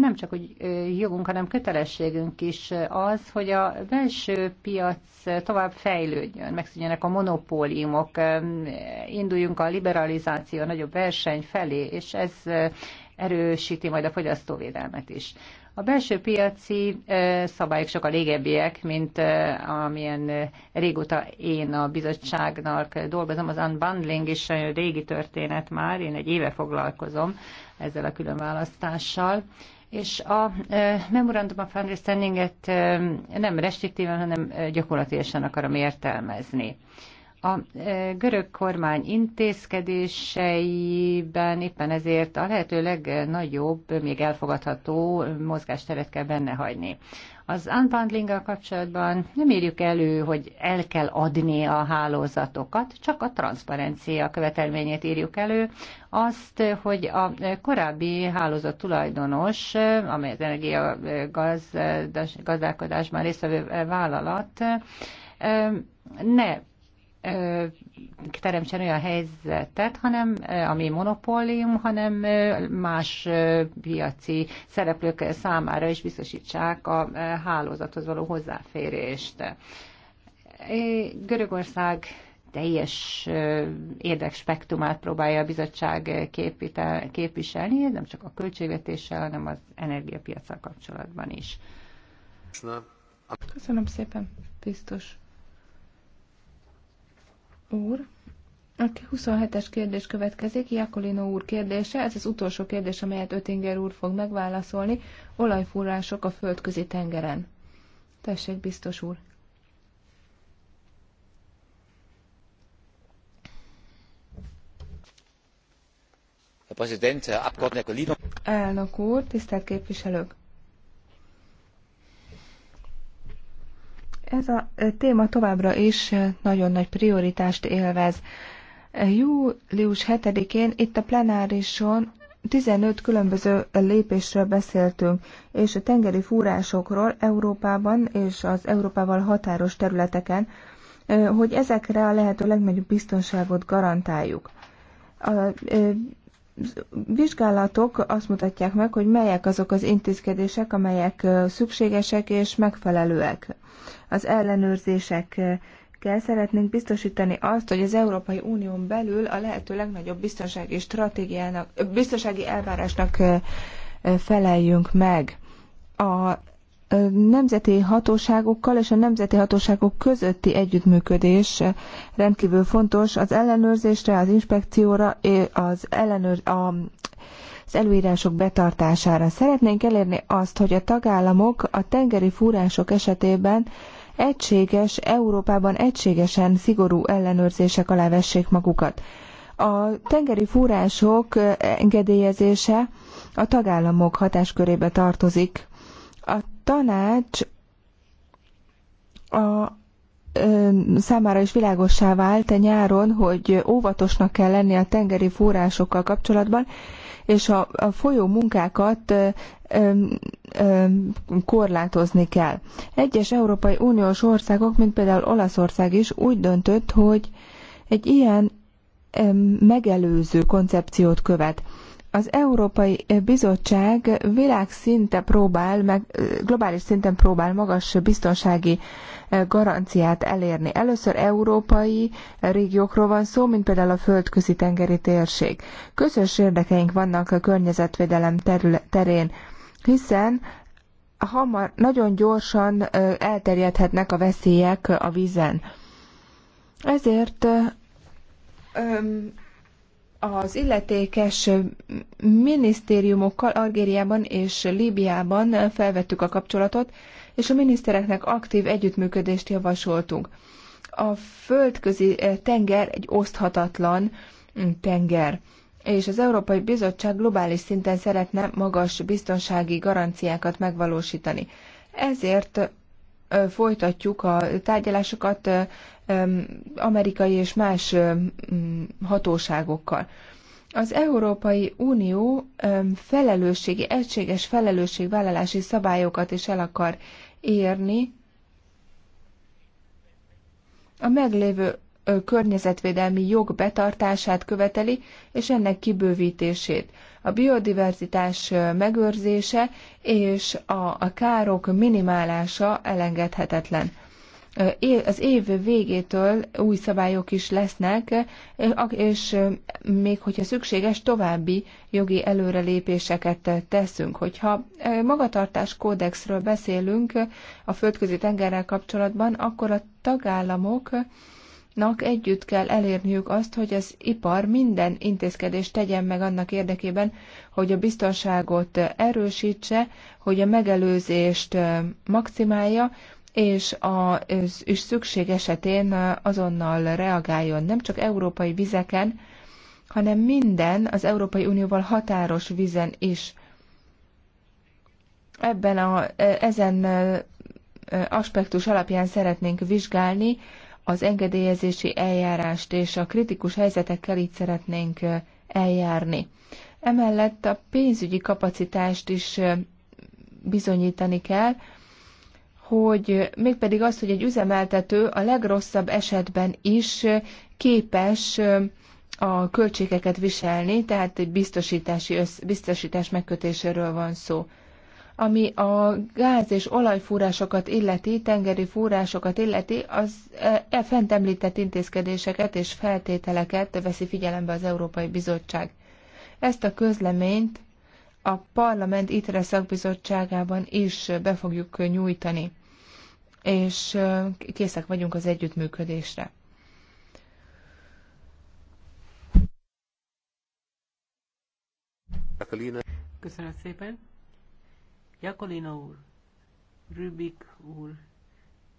S3: Nem csak, hogy jogunk, hanem kötelességünk is az, hogy a belső piac tovább fejlődjön, megszűnjenek a monopóliumok, induljunk a liberalizáció, a nagyobb verseny felé, és ez erősíti majd a fogyasztóvédelmet is. A belső piaci szabályok sokkal régebbiek, mint amilyen régóta én a bizottságnak dolgozom. Az unbundling is régi történet már, én egy éve foglalkozom ezzel a különválasztással. És a Memorandum of Understanding-et nem restriktíven, hanem gyakorlatilag akarom értelmezni. A e, görög kormány intézkedéseiben éppen ezért a lehető legnagyobb, még elfogadható mozgásteret kell benne hagyni. Az unbundling kapcsolatban nem érjük elő, hogy el kell adni a hálózatokat, csak a transzparencia követelményét írjuk elő. Azt, hogy a korábbi hálózat tulajdonos, amely az energiagazdálkodásban e, résztvevő e, vállalat, ne teremtsen olyan helyzetet, hanem ami monopólium, hanem más piaci szereplők számára is biztosítsák a hálózathoz való hozzáférést. Görögország teljes érdekspektrumát próbálja a bizottság képviselni, nem csak a költségvetéssel, hanem az energiapiacsal kapcsolatban is.
S2: Köszönöm szépen, biztos úr. A 27-es kérdés következik, Jakolino úr kérdése, ez az utolsó kérdés, amelyet Ötinger úr fog megválaszolni, olajfúrások a földközi tengeren. Tessék, biztos úr. Elnök úr, tisztelt képviselők! Ez a téma továbbra is nagyon nagy prioritást élvez. Július 7-én itt a plenárison 15 különböző lépésről beszéltünk, és a tengeri fúrásokról Európában és az Európával határos területeken, hogy ezekre a lehető legnagyobb biztonságot garantáljuk. A vizsgálatok azt mutatják meg, hogy melyek azok az intézkedések, amelyek szükségesek és megfelelőek az ellenőrzések kell szeretnénk biztosítani azt, hogy az Európai Unión belül a lehető legnagyobb biztonsági stratégiának, biztonsági elvárásnak feleljünk meg. A nemzeti hatóságokkal és a nemzeti hatóságok közötti együttműködés rendkívül fontos az ellenőrzésre, az inspekcióra, és az, ellenőr, a, az előírások betartására. Szeretnénk elérni azt, hogy a tagállamok a tengeri fúrások esetében egységes, Európában egységesen szigorú ellenőrzések alá vessék magukat. A tengeri fúrások engedélyezése a tagállamok hatáskörébe tartozik. A tanács a számára is világossá vált e nyáron, hogy óvatosnak kell lenni a tengeri fúrásokkal kapcsolatban, és a, a folyó munkákat korlátozni kell. Egyes Európai Uniós országok, mint például Olaszország is úgy döntött, hogy egy ilyen megelőző koncepciót követ. Az Európai Bizottság világszinte próbál, meg globális szinten próbál magas biztonsági e, garanciát elérni. Először európai régiókról van szó, mint például a földközi tengeri térség. Közös érdekeink vannak a környezetvédelem terén, hiszen hamar, nagyon gyorsan e, elterjedhetnek a veszélyek a vízen. Ezért e, az illetékes minisztériumokkal Algériában és Líbiában felvettük a kapcsolatot, és a minisztereknek aktív együttműködést javasoltunk. A földközi eh, tenger egy oszthatatlan mm, tenger, és az Európai Bizottság globális szinten szeretne magas biztonsági garanciákat megvalósítani. Ezért folytatjuk a tárgyalásokat amerikai és más hatóságokkal. Az Európai Unió felelősségi, egységes felelősségvállalási szabályokat is el akar érni a meglévő környezetvédelmi jog betartását követeli, és ennek kibővítését a biodiverzitás megőrzése és a károk minimálása elengedhetetlen az év végétől új szabályok is lesznek, és még hogyha szükséges, további jogi előrelépéseket teszünk. Hogyha magatartás kódexről beszélünk a földközi tengerrel kapcsolatban, akkor a tagállamok nak együtt kell elérniük azt, hogy az ipar minden intézkedést tegyen meg annak érdekében, hogy a biztonságot erősítse, hogy a megelőzést maximálja, és az is szükség esetén azonnal reagáljon, nem csak európai vizeken, hanem minden az Európai Unióval határos vizen is. Ebben a, ezen aspektus alapján szeretnénk vizsgálni az engedélyezési eljárást és a kritikus helyzetekkel így szeretnénk eljárni. Emellett a pénzügyi kapacitást is bizonyítani kell, hogy mégpedig az, hogy egy üzemeltető a legrosszabb esetben is képes a költségeket viselni, tehát egy biztosítási össz, biztosítás megkötéséről van szó ami a gáz és olajfúrásokat illeti, tengeri fúrásokat illeti, az e, e fent említett intézkedéseket és feltételeket veszi figyelembe az Európai Bizottság. Ezt a közleményt a Parlament ITRE szakbizottságában is be fogjuk nyújtani, és e, készek vagyunk az együttműködésre.
S1: Köszönöm szépen! Jakolina úr, Rübik úr,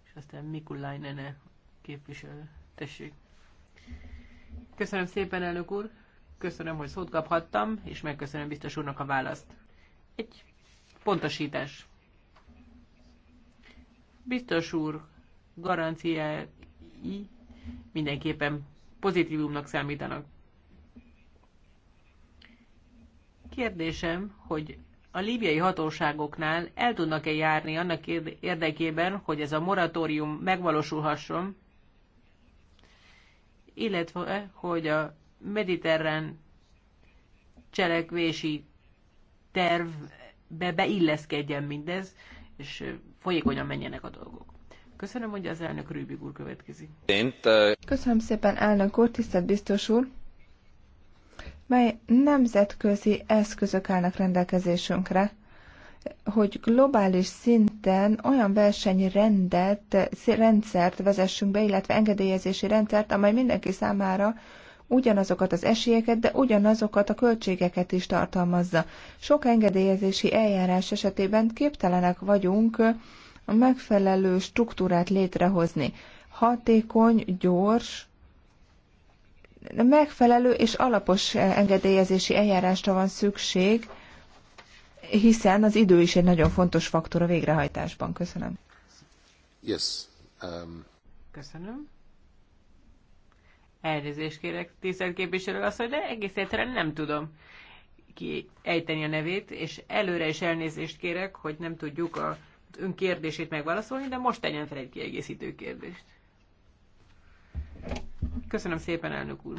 S1: és aztán nene képviselő. Tessék. Köszönöm szépen, elnök úr. Köszönöm, hogy szót kaphattam, és megköszönöm biztos úrnak a választ. Egy pontosítás. Biztos úr garanciái mindenképpen pozitívumnak számítanak. Kérdésem, hogy a líbiai hatóságoknál el tudnak-e járni annak érdekében, hogy ez a moratórium megvalósulhasson, illetve hogy a mediterrán cselekvési tervbe beilleszkedjen mindez, és folyékonyan menjenek a dolgok. Köszönöm, hogy az elnök Rübig úr következik.
S2: Eh, Köszönöm szépen, elnök úr, tisztelt biztos úr! mely nemzetközi eszközök állnak rendelkezésünkre, hogy globális szinten olyan versenyrendet, rendszert vezessünk be, illetve engedélyezési rendszert, amely mindenki számára ugyanazokat az esélyeket, de ugyanazokat a költségeket is tartalmazza. Sok engedélyezési eljárás esetében képtelenek vagyunk a megfelelő struktúrát létrehozni. Hatékony, gyors megfelelő és alapos engedélyezési eljárásra van szükség, hiszen az idő is egy nagyon fontos faktor a végrehajtásban. Köszönöm.
S1: Yes. Um... Köszönöm. Elnézést kérek, tisztelt képviselő asszony, de egész egyszerűen nem tudom ki ejteni a nevét, és előre is elnézést kérek, hogy nem tudjuk a ön kérdését megválaszolni, de most tegyen fel egy kiegészítő kérdést. Köszönöm szépen, elnök úr.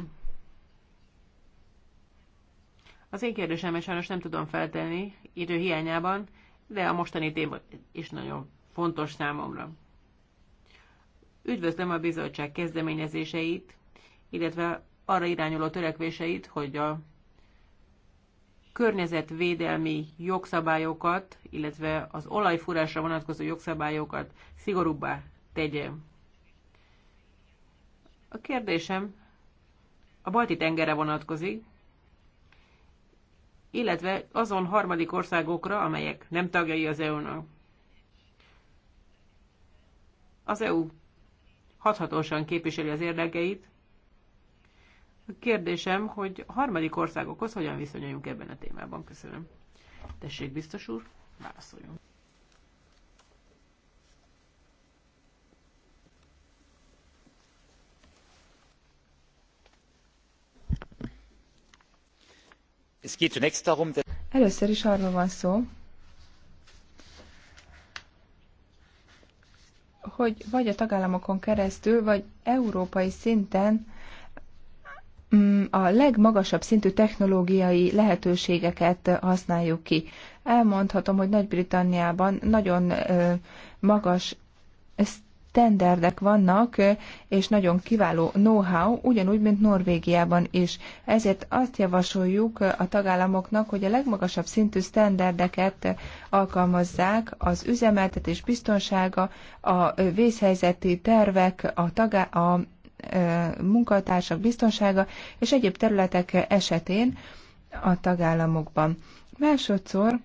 S1: Az én kérdésemet sajnos nem tudom feltenni idő hiányában, de a mostani téma is nagyon fontos számomra. Üdvözlöm a bizottság kezdeményezéseit, illetve arra irányuló törekvéseit, hogy a környezetvédelmi jogszabályokat, illetve az olajfúrásra vonatkozó jogszabályokat szigorúbbá tegye. A kérdésem a balti tengere vonatkozik, illetve azon harmadik országokra, amelyek nem tagjai az EU-nak. Az EU hathatósan képviseli az érdekeit. A kérdésem, hogy a harmadik országokhoz hogyan viszonyuljunk ebben a témában. Köszönöm. Tessék, biztos úr, válaszoljunk.
S2: Először is arról van szó, hogy vagy a tagállamokon keresztül, vagy európai szinten mm, a legmagasabb szintű technológiai lehetőségeket használjuk ki. Elmondhatom, hogy Nagy-Britanniában nagyon magas tenderdek vannak, és nagyon kiváló know-how, ugyanúgy, mint Norvégiában is. Ezért azt javasoljuk a tagállamoknak, hogy a legmagasabb szintű standardeket alkalmazzák az üzemeltetés biztonsága, a vészhelyzeti tervek, a, tagá- a munkatársak biztonsága és egyéb területek esetén a tagállamokban. Másodszor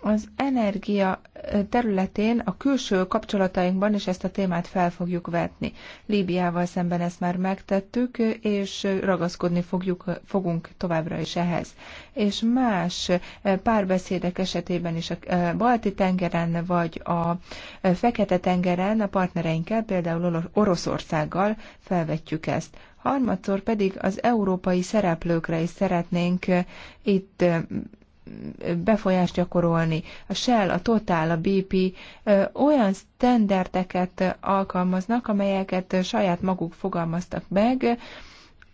S2: az energia területén a külső kapcsolatainkban is ezt a témát fel fogjuk vetni. Líbiával szemben ezt már megtettük, és ragaszkodni fogjuk, fogunk továbbra is ehhez. És más párbeszédek esetében is a Balti tengeren, vagy a Fekete tengeren a partnereinkkel, például Oroszországgal felvetjük ezt harmadszor pedig az európai szereplőkre is szeretnénk itt befolyást gyakorolni. A Shell, a Total, a BP olyan standardeket alkalmaznak, amelyeket saját maguk fogalmaztak meg,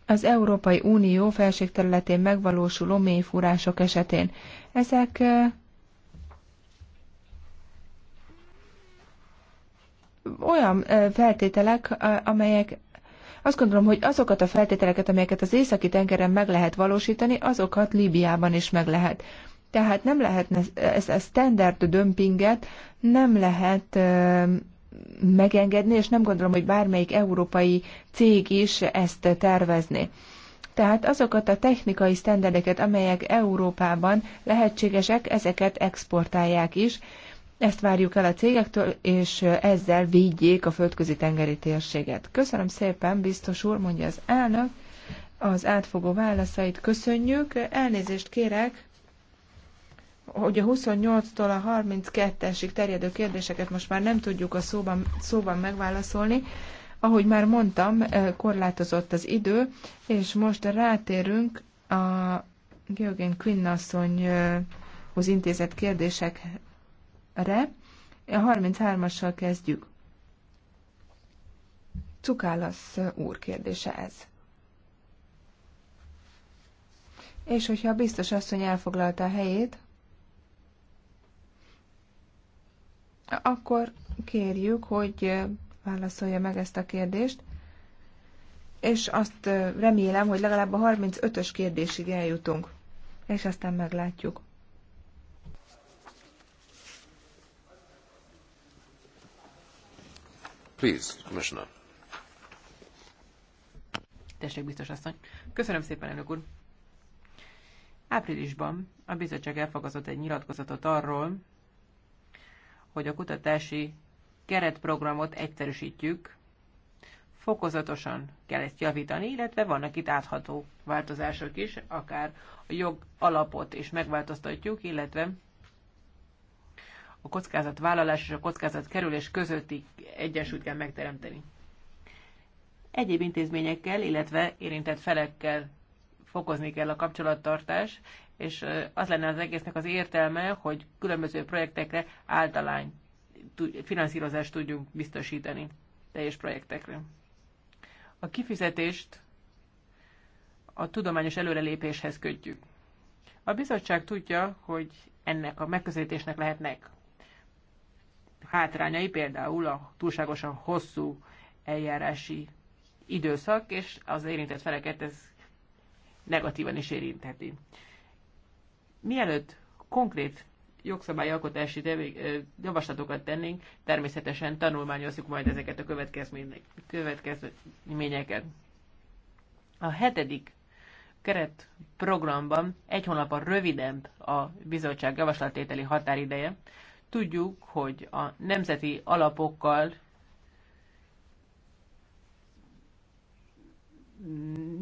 S2: az Európai Unió felségterületén megvalósuló mélyfúrások esetén. Ezek olyan feltételek, amelyek azt gondolom, hogy azokat a feltételeket, amelyeket az északi tengeren meg lehet valósítani, azokat Líbiában is meg lehet. Tehát nem lehetne ez a standard dömpinget nem lehet megengedni, és nem gondolom, hogy bármelyik európai cég is ezt tervezné. Tehát azokat a technikai standardeket, amelyek Európában lehetségesek, ezeket exportálják is, ezt várjuk el a cégektől, és ezzel védjék a földközi tengeri térséget. Köszönöm szépen, biztos úr, mondja az elnök. Az átfogó válaszait köszönjük. Elnézést kérek, hogy a 28-tól a 32-esig terjedő kérdéseket most már nem tudjuk a szóban, szóban megválaszolni. Ahogy már mondtam, eh, korlátozott az idő, és most rátérünk a Georgén Quinn asszonyhoz intézett kérdések re. A 33-assal kezdjük. Cukálasz úr kérdése ez. És hogyha a biztos asszony elfoglalta a helyét, akkor kérjük, hogy válaszolja meg ezt a kérdést, és azt remélem, hogy legalább a 35-ös kérdésig eljutunk, és aztán meglátjuk.
S1: Please, Commissioner. Tessék, biztos asszony. Köszönöm szépen, elnök úr. Áprilisban a bizottság elfogadott egy nyilatkozatot arról, hogy a kutatási keretprogramot egyszerűsítjük, fokozatosan kell ezt javítani, illetve vannak itt átható változások is, akár a jog alapot is megváltoztatjuk, illetve a kockázatvállalás és a kockázatkerülés közötti egyensúlyt kell megteremteni. Egyéb intézményekkel, illetve érintett felekkel fokozni kell a kapcsolattartás, és az lenne az egésznek az értelme, hogy különböző projektekre általány finanszírozást tudjunk biztosítani teljes projektekre. A kifizetést a tudományos előrelépéshez kötjük. A bizottság tudja, hogy ennek a megközelítésnek lehetnek hátrányai, például a túlságosan hosszú eljárási időszak, és az érintett feleket ez negatívan is érintheti. Mielőtt konkrét jogszabályalkotási javaslatokat tennénk, természetesen tanulmányozzuk majd ezeket a következményeket. A hetedik keret programban egy a rövidebb a bizottság javaslatételi határideje. Tudjuk, hogy a nemzeti alapokkal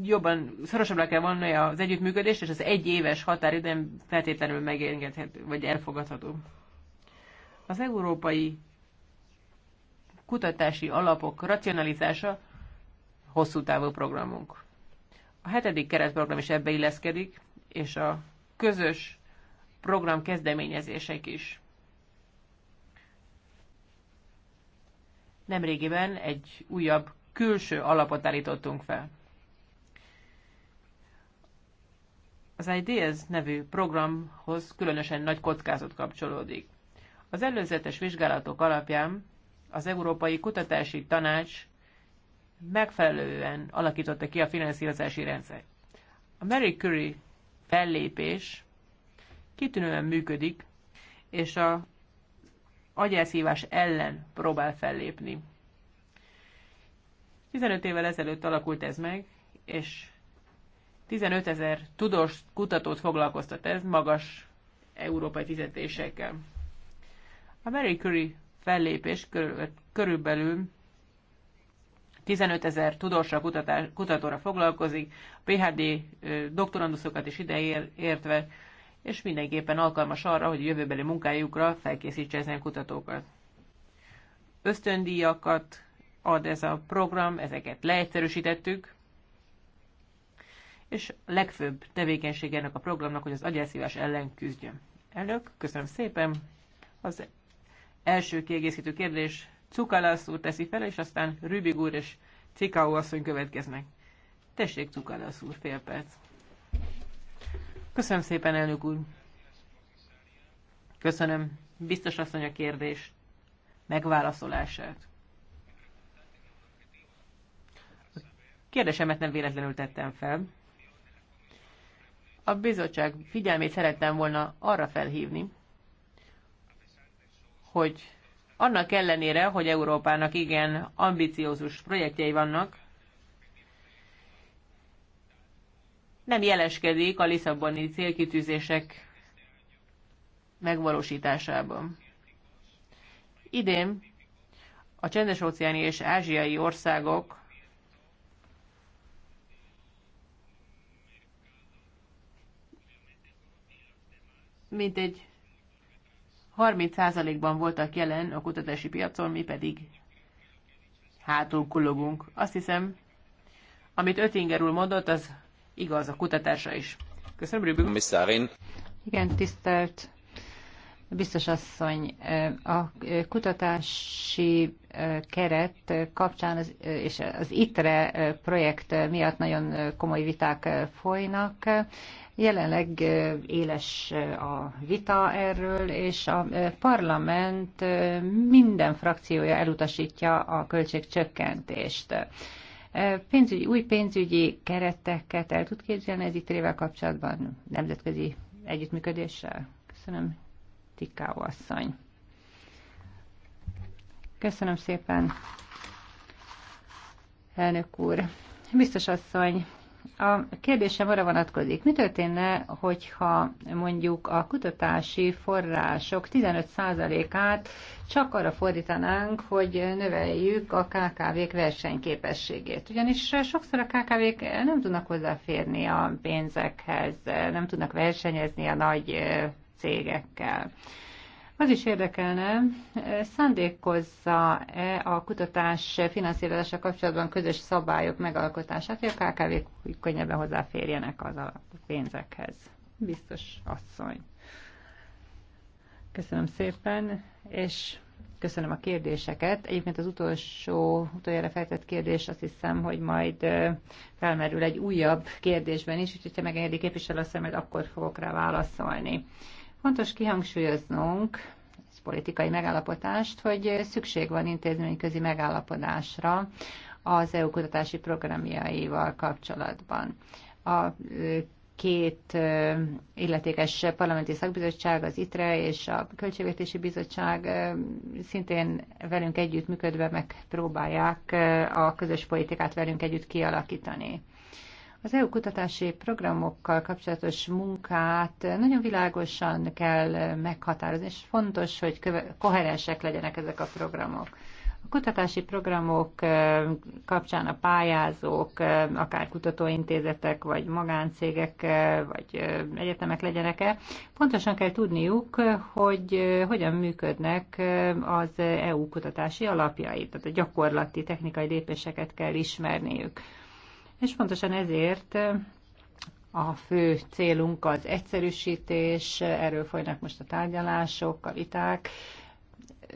S1: jobban, szorosabbra kell vonni az együttműködés, és az egy éves határidő nem feltétlenül megengedhető, vagy elfogadható. Az európai kutatási alapok racionalizása hosszú távú programunk. A hetedik keretprogram is ebbe illeszkedik, és a közös program kezdeményezések is. nemrégiben egy újabb külső alapot állítottunk fel. Az IDS e nevű programhoz különösen nagy kockázat kapcsolódik. Az előzetes vizsgálatok alapján az Európai Kutatási Tanács megfelelően alakította ki a finanszírozási rendszer. A Marie Curie fellépés kitűnően működik, és a agyelszívás ellen próbál fellépni. 15 évvel ezelőtt alakult ez meg, és 15 ezer tudós kutatót foglalkoztat ez magas európai fizetésekkel. A Mary Curie fellépés körülbelül 15 ezer tudósra, kutatóra foglalkozik, a PhD doktoranduszokat is ide értve, és mindenképpen alkalmas arra, hogy a jövőbeli munkájukra felkészítse ezen kutatókat. Ösztöndíjakat ad ez a program, ezeket leegyszerűsítettük, és legfőbb tevékenység ennek a programnak, hogy az agyelszívás ellen küzdjön. Elnök, köszönöm szépen. Az első kiegészítő kérdés Cukalász úr teszi fel, és aztán Rübig úr és Cikau asszony következnek. Tessék, Cukalász úr, fél perc. Köszönöm szépen, elnök úr. Köszönöm. Biztos asszony a kérdés megválaszolását. A kérdésemet nem véletlenül tettem fel. A bizottság figyelmét szerettem volna arra felhívni, hogy annak ellenére, hogy Európának igen ambiciózus projektjei vannak, nem jeleskedik a Lisszaboni célkitűzések megvalósításában. Idén a csendes-óceáni és ázsiai országok mint egy 30%-ban voltak jelen a kutatási piacon, mi pedig hátul kullogunk. Azt hiszem, amit Ötinger úr mondott, az igaz a kutatása is. Köszönöm, Rübig. Igen, tisztelt
S3: Biztos asszony, a kutatási keret kapcsán az, és az ITRE projekt miatt nagyon komoly viták folynak. Jelenleg éles a vita erről, és a parlament minden frakciója elutasítja a költségcsökkentést. Pénzügyi, új pénzügyi kereteket el tud képzelni az ITRE-vel kapcsolatban nemzetközi együttműködéssel? Köszönöm, Tikáó asszony. Köszönöm szépen, elnök úr. Biztos asszony, a kérdésem arra vonatkozik, mi történne, hogyha mondjuk a kutatási források 15%-át csak arra fordítanánk, hogy növeljük a KKV-k versenyképességét. Ugyanis sokszor a KKV-k nem tudnak hozzáférni a pénzekhez, nem tudnak versenyezni a nagy eh, cégekkel. Az is érdekelne, szándékozza-e a kutatás finanszírozása kapcsolatban közös szabályok megalkotását, hogy a kkv könnyebben hozzáférjenek az a pénzekhez? Biztos asszony. Köszönöm szépen, és köszönöm a kérdéseket. Egyébként az utolsó, utoljára feltett kérdés, azt hiszem, hogy majd felmerül egy újabb kérdésben is, úgyhogy ha megengedi képviselő, akkor fogok rá válaszolni. Fontos kihangsúlyoznunk, ez politikai megállapotást, hogy szükség van intézményközi megállapodásra az EU kutatási programjaival kapcsolatban. A két illetékes parlamenti szakbizottság, az ITRE és a Költségvetési Bizottság szintén velünk együtt működve megpróbálják a közös politikát velünk együtt kialakítani. Az EU kutatási programokkal kapcsolatos munkát nagyon világosan kell meghatározni, és fontos, hogy koherensek legyenek ezek a programok. A kutatási programok kapcsán a pályázók, akár kutatóintézetek, vagy magáncégek, vagy egyetemek legyenek-e, pontosan kell tudniuk, hogy hogyan működnek az EU kutatási alapjai, tehát a gyakorlati technikai lépéseket kell ismerniük. És pontosan ezért a fő célunk az egyszerűsítés, erről folynak most a tárgyalások, a viták,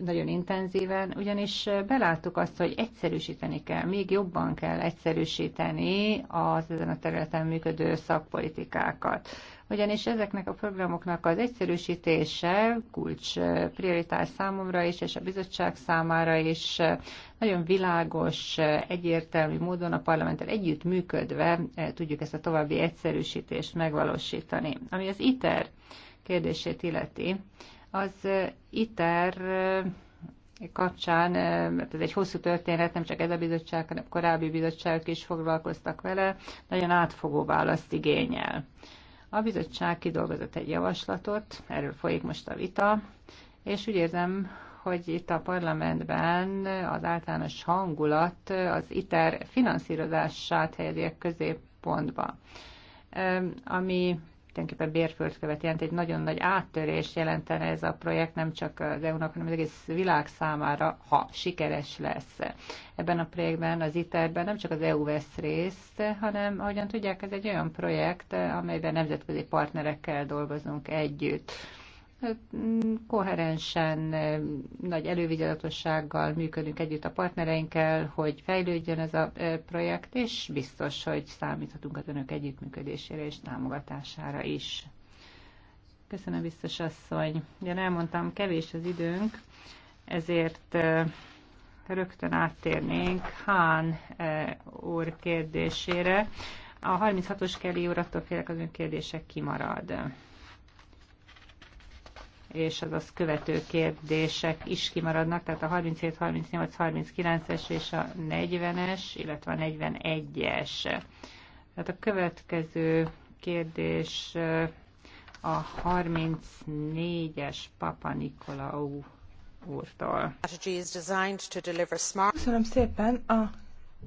S3: nagyon intenzíven, ugyanis beláttuk azt, hogy egyszerűsíteni kell, még jobban kell egyszerűsíteni az ezen a területen működő szakpolitikákat ugyanis ezeknek a programoknak az egyszerűsítése kulcs eh, prioritás számomra is, és a bizottság számára is eh, nagyon világos, eh, egyértelmű módon a parlamenttel együtt működve tudjuk ezt a további egyszerűsítést megvalósítani. Ami az ITER kérdését illeti, az ITER kapcsán, mert ez egy hosszú történet, nem csak ez a bizottság, hanem korábbi bizottságok is foglalkoztak vele, nagyon átfogó választ igényel. A bizottság kidolgozott egy javaslatot, erről folyik most a vita, és úgy érzem, hogy itt a parlamentben az általános hangulat az ITER finanszírozását helyezi a középpontba. Ami tulajdonképpen bérföldkövet jelent, egy nagyon nagy áttörés jelentene ez a projekt, nem csak az EU-nak, hanem az egész világ számára, ha sikeres lesz. Ebben a projektben, az ITER-ben nem csak az EU vesz részt, hanem, ahogyan tudják, ez egy olyan projekt, amelyben nemzetközi partnerekkel dolgozunk együtt. Hát, mm, koherensen, mm, nagy elővigyázatossággal működünk együtt a partnereinkkel, hogy fejlődjön ez a e, projekt, és biztos, hogy számíthatunk az önök együttműködésére és támogatására is. Köszönöm, biztos asszony. Ugyan elmondtam, kevés az időnk, ezért e, rögtön áttérnénk Hán e, úr kérdésére. A 36-os Kelly úr, attól félek az ön kérdése kimarad és az azt követő kérdések is kimaradnak, tehát a 37, 38, 39-es és a 40-es, illetve a 41-es. Tehát a következő kérdés a 34-es Papa Nikolaú úrtól.
S2: Köszönöm szépen. A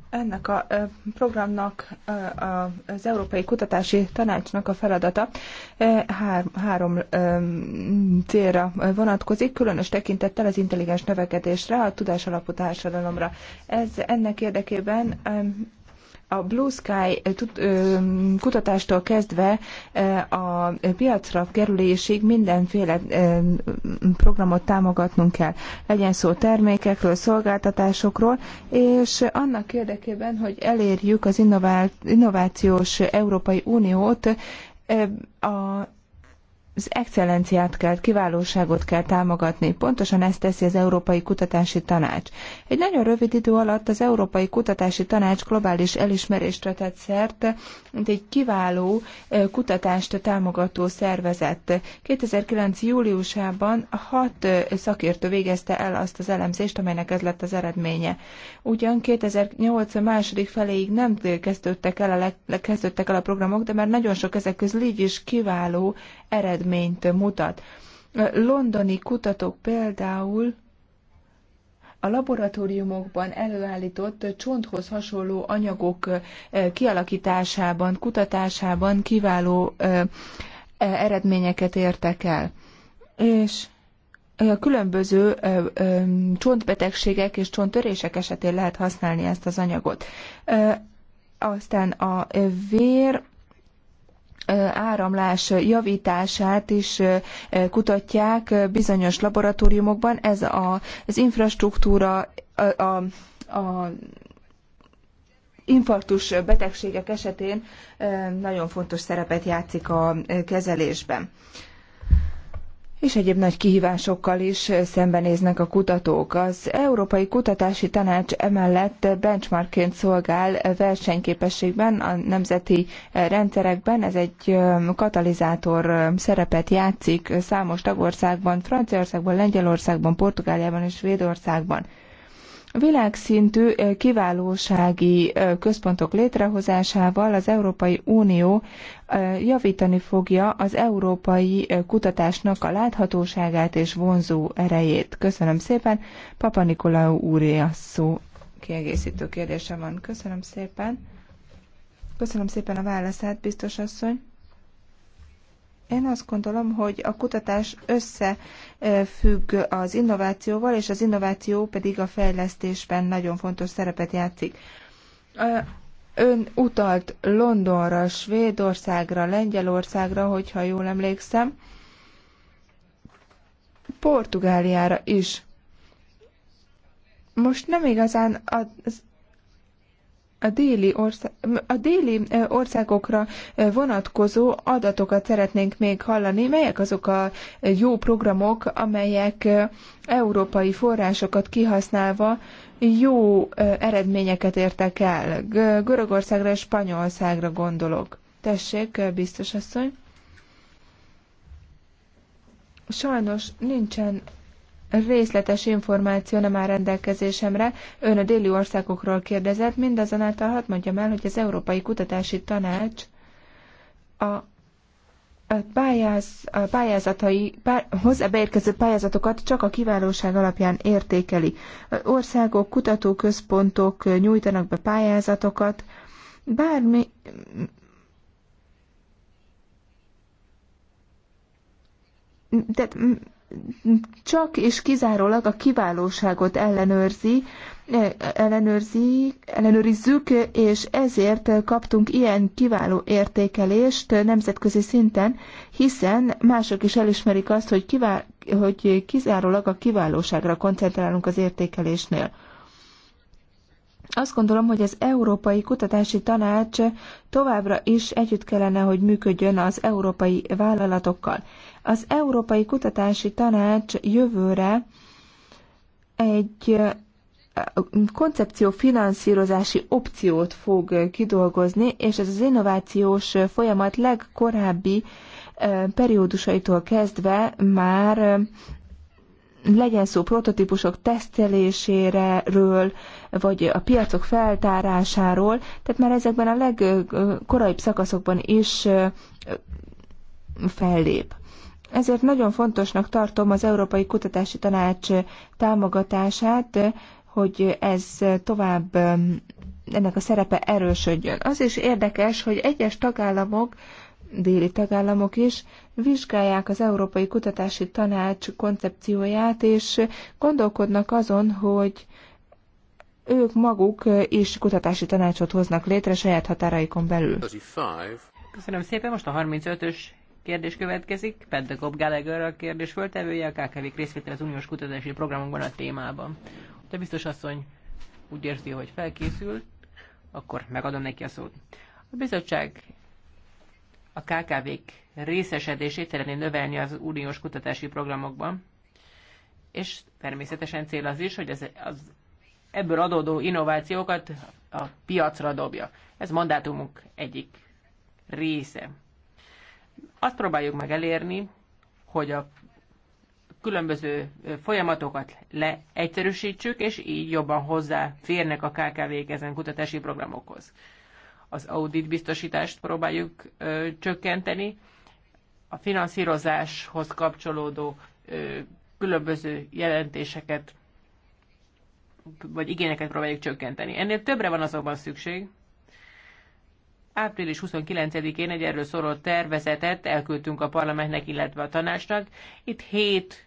S2: ennek a programnak, az Európai Kutatási Tanácsnak a feladata három célra vonatkozik, különös tekintettel az intelligens növekedésre, a tudásalapú társadalomra. Ez ennek érdekében a Blue Sky kutatástól kezdve a piacra kerülésig mindenféle programot támogatnunk kell. Legyen szó termékekről, szolgáltatásokról, és annak érdekében, hogy elérjük az innovációs Európai Uniót, a az excellenciát kell, kiválóságot kell támogatni. Pontosan ezt teszi az Európai Kutatási Tanács. Egy nagyon rövid idő alatt az Európai Kutatási Tanács globális elismerésre tett szert, mint egy kiváló kutatást támogató szervezet. 2009. júliusában hat szakértő végezte el azt az elemzést, amelynek ez lett az eredménye. Ugyan 2008 második feléig nem kezdődtek el a, le, kezdődtek el a programok, de már nagyon sok ezek közül így is kiváló eredményt mutat. Londoni kutatók például a laboratóriumokban előállított csonthoz hasonló anyagok kialakításában, kutatásában kiváló e, eredményeket értek el. És a különböző csontbetegségek és csonttörések esetén lehet használni ezt az anyagot. Aztán a vér áramlás javítását is kutatják bizonyos laboratóriumokban. Ez a, az infrastruktúra, a, a, a infarktus betegségek esetén nagyon fontos szerepet játszik a kezelésben és egyéb nagy kihívásokkal is szembenéznek a kutatók. Az Európai Kutatási Tanács emellett benchmarkként szolgál versenyképességben a nemzeti rendszerekben. Ez egy um, katalizátor um, szerepet játszik számos tagországban, Franciaországban, Lengyelországban, Portugáliában és Svédországban. Világszintű kiválósági központok létrehozásával az Európai Unió javítani fogja az európai kutatásnak a láthatóságát és vonzó erejét. Köszönöm szépen. Papa Nikolaou úré a szó. Kiegészítő kérdése van. Köszönöm szépen. Köszönöm szépen a válaszát, biztos asszony. Én azt gondolom, hogy a kutatás összefügg az innovációval, és az innováció pedig a fejlesztésben nagyon fontos szerepet játszik. Ön utalt Londonra, Svédországra, Lengyelországra, hogyha jól emlékszem, Portugáliára is. Most nem igazán az a déli, a déli országokra vonatkozó adatokat szeretnénk még hallani, melyek azok a jó programok, amelyek európai forrásokat kihasználva jó eredményeket értek el. Görögországra és Spanyolországra gondolok. Tessék, biztos asszony. Sajnos nincsen részletes információ nem áll rendelkezésemre. Ön a déli országokról kérdezett, mindazonáltal hadd mondjam el, hogy az Európai Kutatási Tanács a a, pályáz, a pályázatai, pá, hozzá beérkező pályázatokat csak a kiválóság alapján értékeli. Országok, kutatóközpontok nyújtanak be pályázatokat, bármi, de csak és kizárólag a kiválóságot ellenőrzi, eh, ellenőrzi, ellenőrizzük, és ezért kaptunk ilyen kiváló értékelést nemzetközi szinten, hiszen mások is elismerik azt, hogy, kivál, hogy kizárólag a kiválóságra koncentrálunk az értékelésnél. Azt gondolom, hogy az Európai Kutatási Tanács továbbra is együtt kellene, hogy működjön az európai vállalatokkal. Az Európai Kutatási Tanács jövőre egy koncepció finanszírozási opciót fog kidolgozni, és ez az innovációs folyamat legkorábbi periódusaitól kezdve már legyen szó prototípusok teszteléséről, vagy a piacok feltárásáról, tehát már ezekben a legkoraibb szakaszokban is fellép. Ezért nagyon fontosnak tartom az Európai Kutatási Tanács támogatását, hogy ez tovább ennek a szerepe erősödjön. Az is érdekes, hogy egyes tagállamok, déli tagállamok is vizsgálják az Európai Kutatási Tanács koncepcióját, és gondolkodnak azon, hogy ők maguk is kutatási tanácsot hoznak létre saját határaikon belül.
S1: Köszönöm szépen, most a 35-ös kérdés következik. Pedda Gob Gallagher a kérdés föltevője, a KKV részvétel az uniós kutatási programokban a témában. De biztos asszony úgy érzi, hogy felkészült, akkor megadom neki a szót. A bizottság a KKV-k részesedését szeretné növelni az uniós kutatási programokban, és természetesen cél az is, hogy az, az ebből adódó innovációkat a piacra dobja. Ez mandátumunk egyik része. Azt próbáljuk meg elérni, hogy a különböző folyamatokat leegyszerűsítsük, és így jobban hozzáférnek a KKV-k ezen kutatási programokhoz. Az audit biztosítást próbáljuk ö, csökkenteni, a finanszírozáshoz kapcsolódó ö, különböző jelentéseket vagy igényeket próbáljuk csökkenteni. Ennél többre van azonban szükség. Április 29-én egy erről szóló tervezetet elküldtünk a parlamentnek, illetve a tanácsnak. Itt hét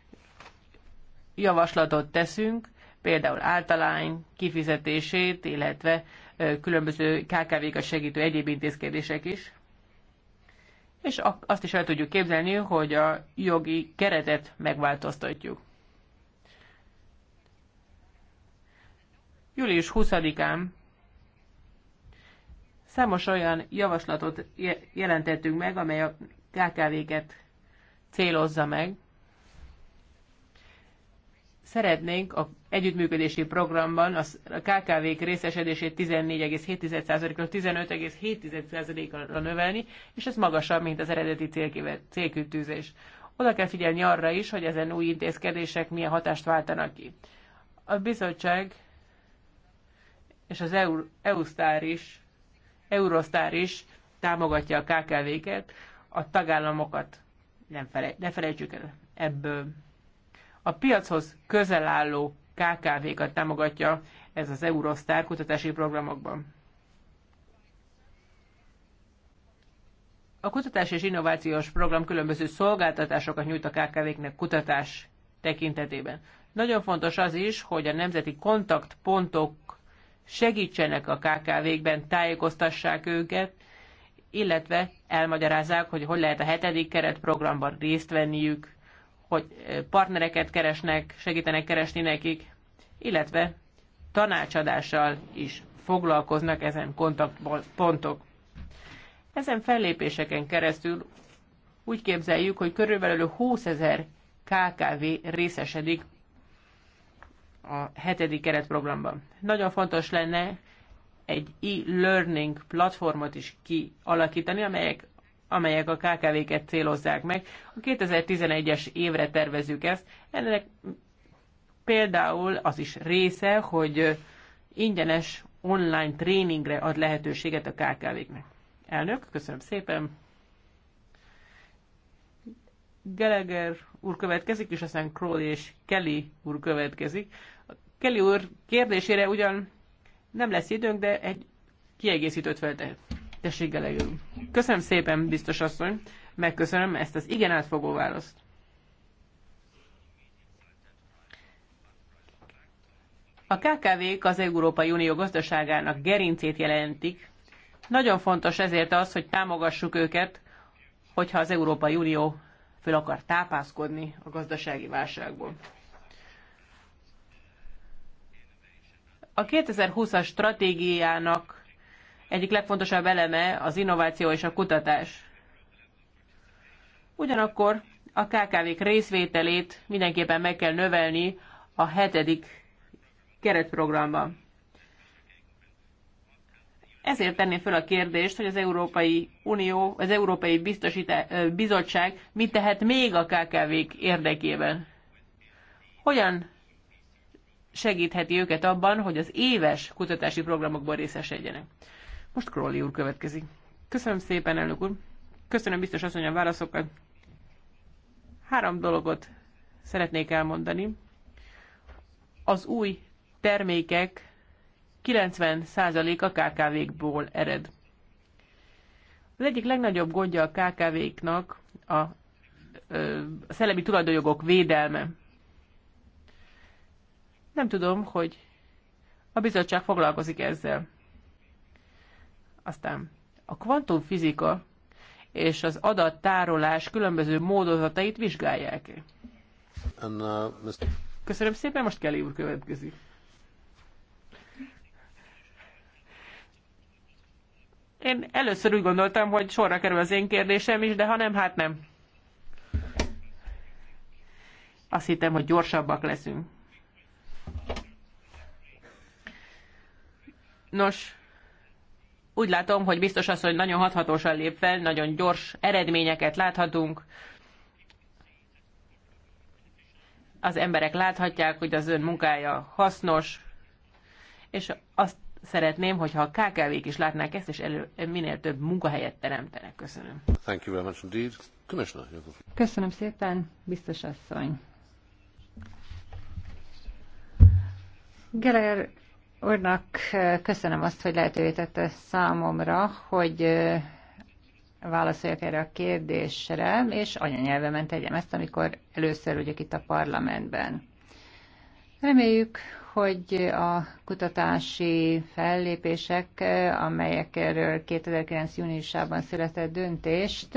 S1: javaslatot teszünk, például általány kifizetését, illetve különböző kkv a segítő egyéb intézkedések is. És azt is el tudjuk képzelni, hogy a jogi keretet megváltoztatjuk. Július 20-án számos olyan javaslatot jelentettünk meg, amely a KKV-ket célozza meg. Szeretnénk a együttműködési programban a KKV-k részesedését 14,7%-ról 15,7%-ra növelni, és ez magasabb, mint az eredeti célkültűzés. Oda kell figyelni arra is, hogy ezen új intézkedések milyen hatást váltanak ki. A bizottság és az EU, sztár is, Eurostar is támogatja a KKV-ket, a tagállamokat nem fele, ne felejtsük el ebből. A piachoz közel álló KKV-kat támogatja ez az Eurostar kutatási programokban. A kutatás és innovációs program különböző szolgáltatásokat nyújt a KKV-knek kutatás tekintetében. Nagyon fontos az is, hogy a nemzeti kontaktpontok segítsenek a KKV-kben, tájékoztassák őket, illetve elmagyarázzák, hogy hogy lehet a hetedik keretprogramban részt venniük, hogy eh, partnereket keresnek, segítenek keresni nekik, illetve tanácsadással is foglalkoznak ezen kontaktpontok. Ezen fellépéseken keresztül úgy képzeljük, hogy körülbelül 20 ezer KKV részesedik a hetedik keretprogramban. Nagyon fontos lenne egy e-learning platformot is kialakítani, amelyek, amelyek a KKV-ket célozzák meg. A 2011-es évre tervezük ezt. Ennek például az is része, hogy ingyenes online tréningre ad lehetőséget a KKV-knek. Elnök, köszönöm szépen! Gallagher úr következik, és aztán Crowley és Kelly úr következik. A Kelly úr kérdésére ugyan nem lesz időnk, de egy kiegészítőt feltehet. Tessék, Gallagher úr. Köszönöm szépen, biztos asszony. Megköszönöm ezt az igen átfogó választ. A kkv az Európai Unió gazdaságának gerincét jelentik. Nagyon fontos ezért az, hogy támogassuk őket, hogyha az Európai Unió fel akar tápászkodni a gazdasági válságból. A 2020-as stratégiának egyik legfontosabb eleme az innováció és a kutatás. Ugyanakkor a KKV-k részvételét mindenképpen meg kell növelni a hetedik keretprogramban. Ezért tenném föl a kérdést, hogy az Európai Unió, az Európai Biztosite, Bizottság mit tehet még a KKV-k érdekében? Hogyan segítheti őket abban, hogy az éves kutatási programokból részesedjenek? Most Crowley úr következik. Köszönöm szépen, elnök úr. Köszönöm biztos asszony a válaszokat. Három dologot szeretnék elmondani. Az új termékek 90% a KKV-kból ered. Az egyik legnagyobb gondja a KKV-knak a, a szellemi tulajdonjogok védelme. Nem tudom, hogy a bizottság foglalkozik ezzel. Aztán a kvantumfizika és az adattárolás különböző módozatait vizsgálják. Uh, Köszönöm szépen, most Kelly úr következik. Én először úgy gondoltam, hogy sorra kerül az én kérdésem is, de ha nem, hát nem. Azt hittem, hogy gyorsabbak leszünk. Nos, úgy látom, hogy biztos az, hogy nagyon hathatósan lép fel, nagyon gyors eredményeket láthatunk. Az emberek láthatják, hogy az ön munkája hasznos, és azt szeretném, hogyha a KKV-k is látnák ezt, és elő, minél több munkahelyet teremtenek. Köszönöm.
S3: Thank you very much indeed.
S1: Köszönöm szépen, biztos asszony.
S3: Geller úrnak köszönöm azt, hogy lehetővé tette számomra, hogy válaszoljak erre a kérdésre, és anyanyelvemen tegyem ezt, amikor először vagyok itt a parlamentben. Reméljük, hogy a kutatási fellépések, amelyekről 2009. júniusában született döntést,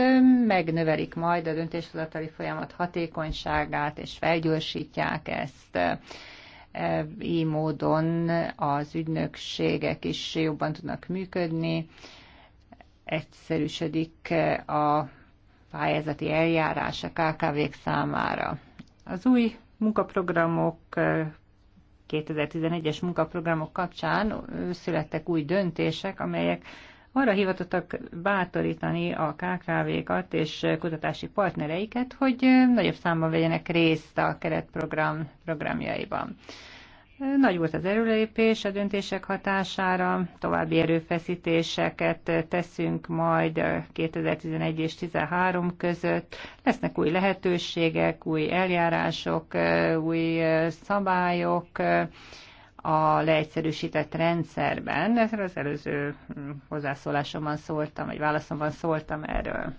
S3: megnövelik majd a döntéshozatali folyamat hatékonyságát, és felgyorsítják ezt. E, így módon az ügynökségek is jobban tudnak működni, egyszerűsödik a pályázati eljárás a KKV-k számára. Az új munkaprogramok 2011-es munkaprogramok kapcsán születtek új döntések, amelyek arra hivatottak bátorítani a KKV-kat és kutatási partnereiket, hogy nagyobb számban vegyenek részt a keretprogram programjaiban. Nagy volt az erőlépés a döntések hatására, további erőfeszítéseket teszünk majd 2011 és 2013 között. Lesznek új lehetőségek, új eljárások, új szabályok a leegyszerűsített rendszerben. Ezzel az előző hozzászólásomban szóltam, vagy válaszomban szóltam erről.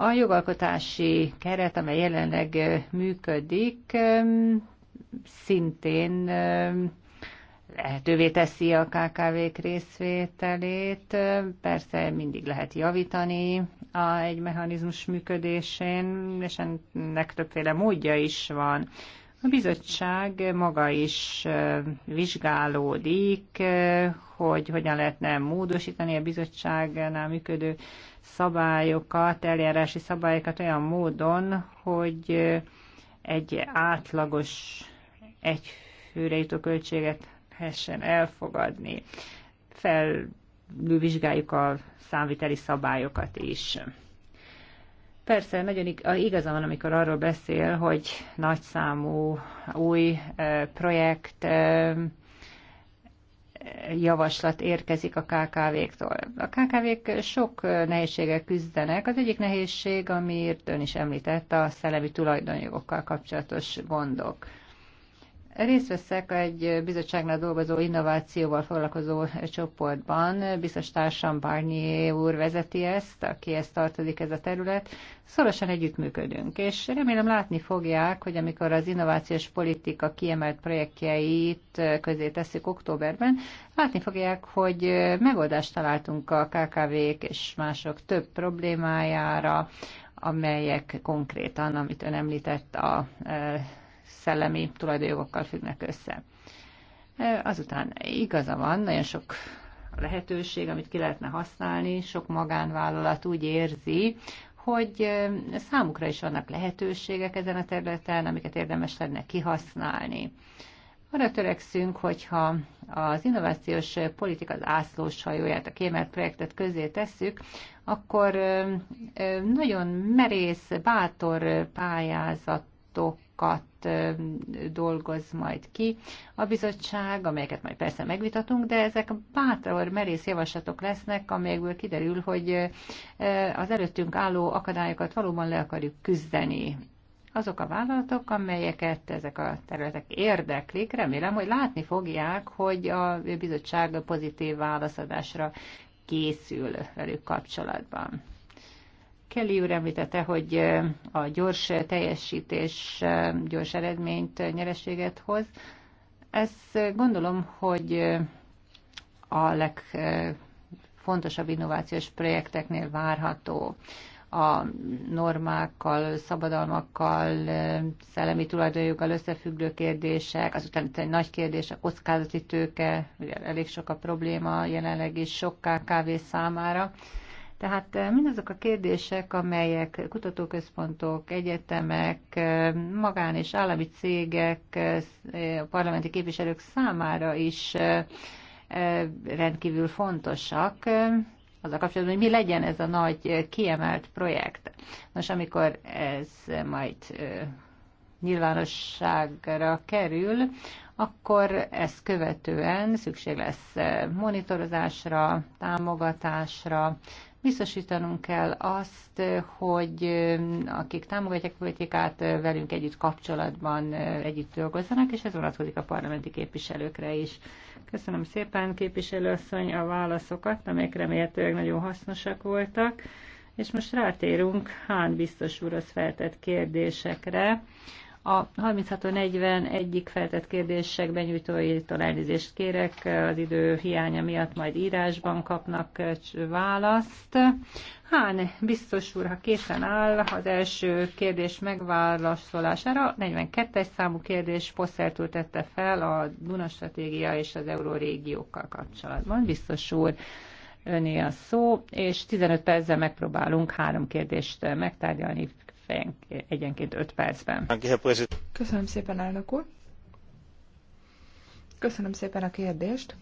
S3: A jogalkotási keret, amely jelenleg működik, szintén lehetővé teszi a KKV-k részvételét. Persze mindig lehet javítani a, egy mechanizmus működésén, és ennek többféle módja is van. A bizottság maga is vizsgálódik, hogy hogyan lehetne módosítani a bizottságnál működő szabályokat, eljárási szabályokat olyan módon, hogy egy átlagos főre jutó költséget lehessen elfogadni. Felvizsgáljuk a számviteli szabályokat is. Persze, nagyon igaza van, amikor arról beszél, hogy nagyszámú új projekt, javaslat érkezik a KKV-któl. A KKV-k sok nehézséggel küzdenek. Az egyik nehézség, amit ön is említett, a szellemi tulajdonjogokkal kapcsolatos gondok. Részt veszek egy bizottságnál dolgozó innovációval foglalkozó csoportban. Biztos társam Barnier úr vezeti ezt, akihez tartozik ez a terület. Szorosan együttműködünk, és remélem látni fogják, hogy amikor az innovációs politika kiemelt projektjeit közé tesszük októberben, látni fogják, hogy megoldást találtunk a KKV-k és mások több problémájára, amelyek konkrétan, amit ön említett, a szellemi tulajdonjogokkal függnek össze. Azután igaza van, nagyon sok lehetőség, amit ki lehetne használni, sok magánvállalat úgy érzi, hogy számukra is vannak lehetőségek ezen a területen, amiket érdemes lenne kihasználni. Arra törekszünk, hogyha az innovációs politika az ászlós hajóját, a kémert projektet közé tesszük, akkor nagyon merész, bátor pályázat javaslatokat dolgoz majd ki a bizottság, amelyeket majd persze megvitatunk, de ezek bátor, merész javaslatok lesznek, amelyekből kiderül, hogy az előttünk álló akadályokat valóban le akarjuk küzdeni azok a vállalatok, amelyeket ezek a területek érdeklik, remélem, hogy látni fogják, hogy a bizottság pozitív válaszadásra készül velük kapcsolatban. Kelly úr említette, hogy a gyors teljesítés gyors eredményt, nyereséget hoz. Ezt gondolom, hogy a legfontosabb innovációs projekteknél várható a normákkal, szabadalmakkal, szellemi tulajdonjoggal összefüggő kérdések, azután itt egy nagy kérdés a kockázati tőke, ugye elég sok a probléma jelenleg is sokká kávé számára. Tehát eh, mindazok a kérdések, amelyek kutatóközpontok, egyetemek, eh, magán és állami cégek, eh, a parlamenti képviselők számára is rendkívül fontosak, a kapcsolatban, hogy mi legyen ez a nagy kiemelt projekt. Nos, amikor ez majd nyilvánosságra kerül, akkor ezt követően szükség lesz monitorozásra, támogatásra, Biztosítanunk kell azt, hogy akik támogatják a politikát, velünk együtt kapcsolatban együtt dolgozzanak, és ez vonatkozik a parlamenti képviselőkre is. Köszönöm szépen, képviselőasszony, a válaszokat, amelyek remélhetőleg nagyon hasznosak voltak. És most rátérünk Hán biztos úr az feltett kérdésekre a 36-41 egyik feltett kérdések benyújtóitól elnézést kérek, az idő hiánya miatt majd írásban kapnak választ. Hán, biztos úr, ha készen áll az első kérdés megválaszolására, 42-es számú kérdés poszertül tette fel a Duna stratégia és az eurórégiókkal kapcsolatban. Biztos úr, öné a szó, és 15 perccel megpróbálunk három kérdést megtárgyalni
S2: egyenként 5
S3: percben.
S2: Köszönöm szépen, elnök úr. Köszönöm szépen a kérdést.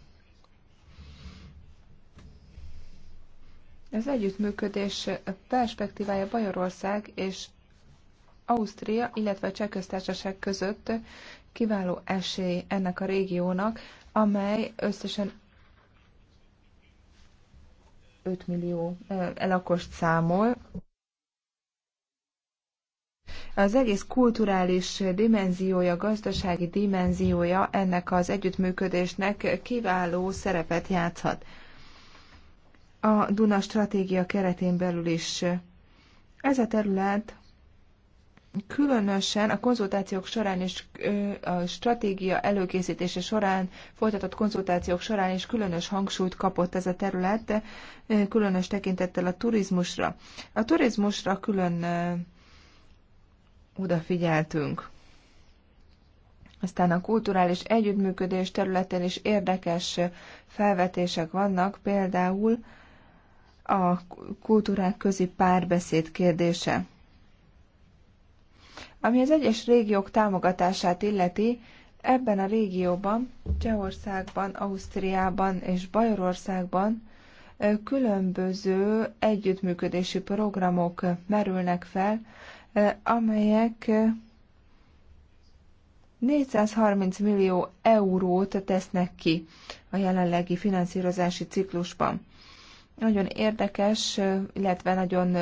S2: Az együttműködés perspektívája Bajorország és Ausztria, illetve a Csehköztársaság között kiváló esély ennek a régiónak, amely összesen 5 millió eh, lakost számol. Az egész kulturális dimenziója, gazdasági dimenziója ennek az együttműködésnek kiváló szerepet játszhat. A Duna stratégia keretén belül is ez a terület különösen a konzultációk során és a stratégia előkészítése során folytatott konzultációk során is különös hangsúlyt kapott ez a terület, különös tekintettel a turizmusra. A turizmusra külön odafigyeltünk. Aztán a kulturális együttműködés területén is érdekes felvetések vannak, például a kultúrák közi párbeszéd kérdése. Ami az egyes régiók támogatását illeti, ebben a régióban, Csehországban, Ausztriában és Bajorországban különböző együttműködési programok merülnek fel, amelyek 430 millió eurót tesznek ki a jelenlegi finanszírozási ciklusban. Nagyon érdekes, illetve nagyon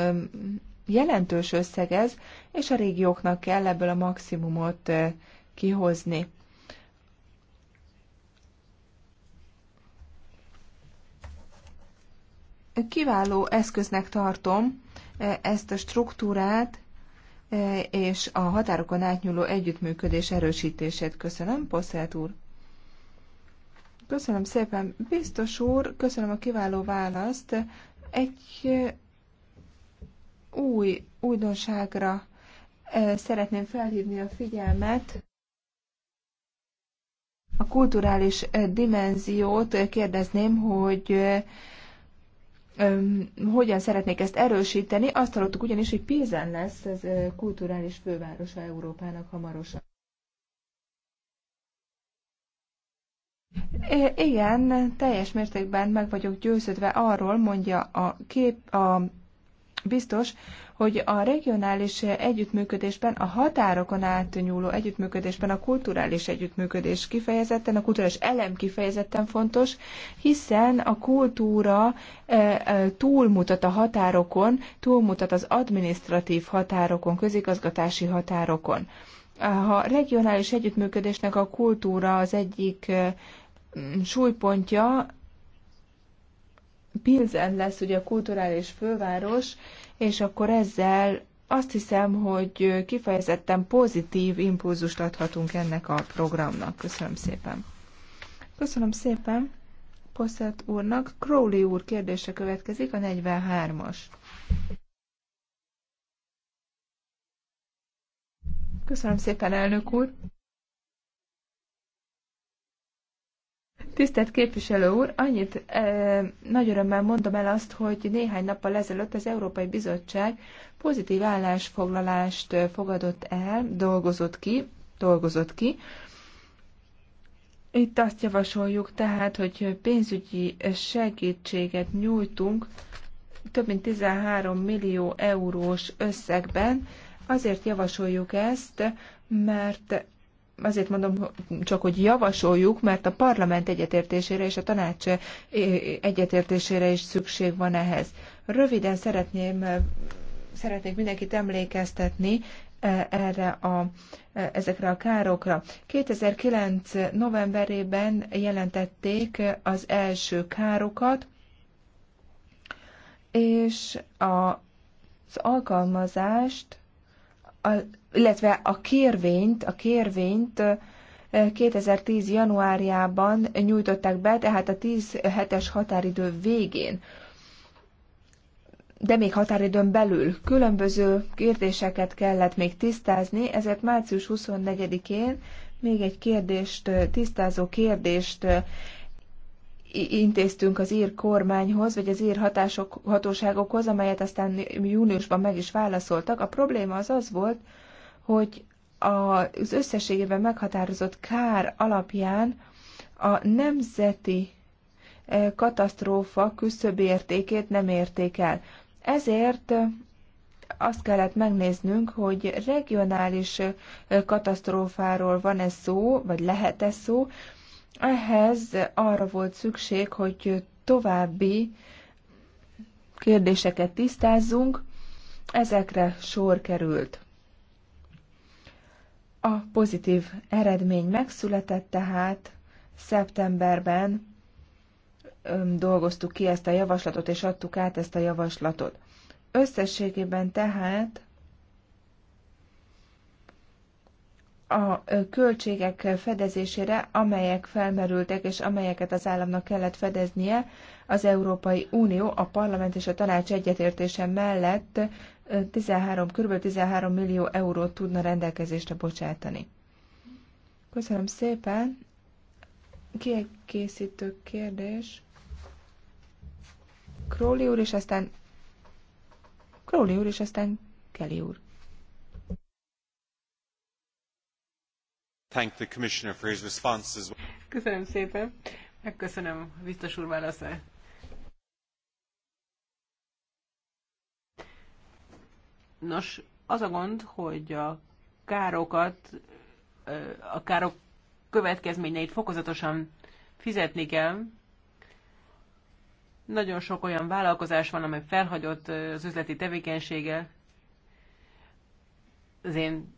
S2: jelentős összeg ez, és a régióknak kell ebből a maximumot kihozni. Kiváló eszköznek tartom ezt a struktúrát, E, és a határokon átnyúló együttműködés erősítését. Köszönöm, Poszelt úr! Köszönöm szépen, biztos úr, köszönöm a kiváló választ. Egy e, új újdonságra e, szeretném felhívni a figyelmet. A kulturális dimenziót kérdezném, hogy hogyan szeretnék ezt erősíteni. Azt hallottuk ugyanis, hogy Pézen lesz ez kulturális fővárosa Európának hamarosan. Igen, teljes mértékben meg vagyok győződve arról, mondja a kép, a biztos, hogy a regionális együttműködésben, a határokon átnyúló együttműködésben a kulturális együttműködés kifejezetten, a kulturális elem kifejezetten fontos, hiszen a kultúra túlmutat a határokon, túlmutat az administratív határokon, közigazgatási határokon. Ha regionális együttműködésnek a kultúra az egyik súlypontja, Pilzen lesz ugye a kulturális főváros, és akkor ezzel azt hiszem, hogy kifejezetten pozitív impulzust adhatunk ennek a programnak. Köszönöm szépen. Köszönöm szépen Poszett úrnak. Crowley úr kérdése következik, a 43-as. Köszönöm szépen, elnök úr. Tisztelt képviselő úr, annyit nagy örömmel mondom el azt, hogy néhány nappal ezelőtt az Európai Bizottság pozitív állásfoglalást fogadott el, dolgozott ki, dolgozott ki. Itt azt javasoljuk tehát, hogy pénzügyi segítséget nyújtunk több mint 13 millió eurós összegben. Azért javasoljuk ezt, mert azért mondom csak, hogy javasoljuk, mert a parlament egyetértésére és a tanács eh, egyetértésére is szükség van ehhez. Röviden szeretném, eh, szeretnék mindenkit emlékeztetni eh, erre a, ezekre a károkra. 2009. novemberében jelentették az első károkat, és a, az alkalmazást a, illetve a kérvényt, a kérvényt 2010. januárjában nyújtották be, tehát a 10 hetes határidő végén de még határidőn belül különböző kérdéseket kellett még tisztázni, ezért március 24-én még egy kérdést, tisztázó kérdést intéztünk az ír kormányhoz, vagy az ír hatások, hatóságokhoz, amelyet aztán júniusban meg is válaszoltak. A probléma az az volt, hogy az összességében meghatározott kár alapján a nemzeti e, katasztrófa értékét nem érték el. Ezért e, azt kellett megnéznünk, hogy regionális e, katasztrófáról van-e szó, vagy lehet-e szó, ehhez arra volt szükség, hogy további kérdéseket tisztázzunk, ezekre sor került. A pozitív eredmény megszületett tehát szeptemberben dolgoztuk ki ezt a javaslatot, és adtuk át ezt a javaslatot. Összességében tehát a költségek fedezésére, amelyek felmerültek és amelyeket az államnak kellett fedeznie, az Európai Unió a parlament és a tanács egyetértése mellett 13, kb. 13 millió eurót tudna rendelkezésre bocsátani. Köszönöm szépen. Kiegészítő kérdés. Króli úr, és aztán Króli úr, és aztán Kelly úr.
S1: thank the commissioner for his response as well. Köszönöm szépen. Megköszönöm a biztos úr válaszát. Nos, az a gond, hogy a károkat, a károk következményeit fokozatosan fizetni kell. Nagyon sok olyan vállalkozás van, amely felhagyott az üzleti tevékenysége. Az én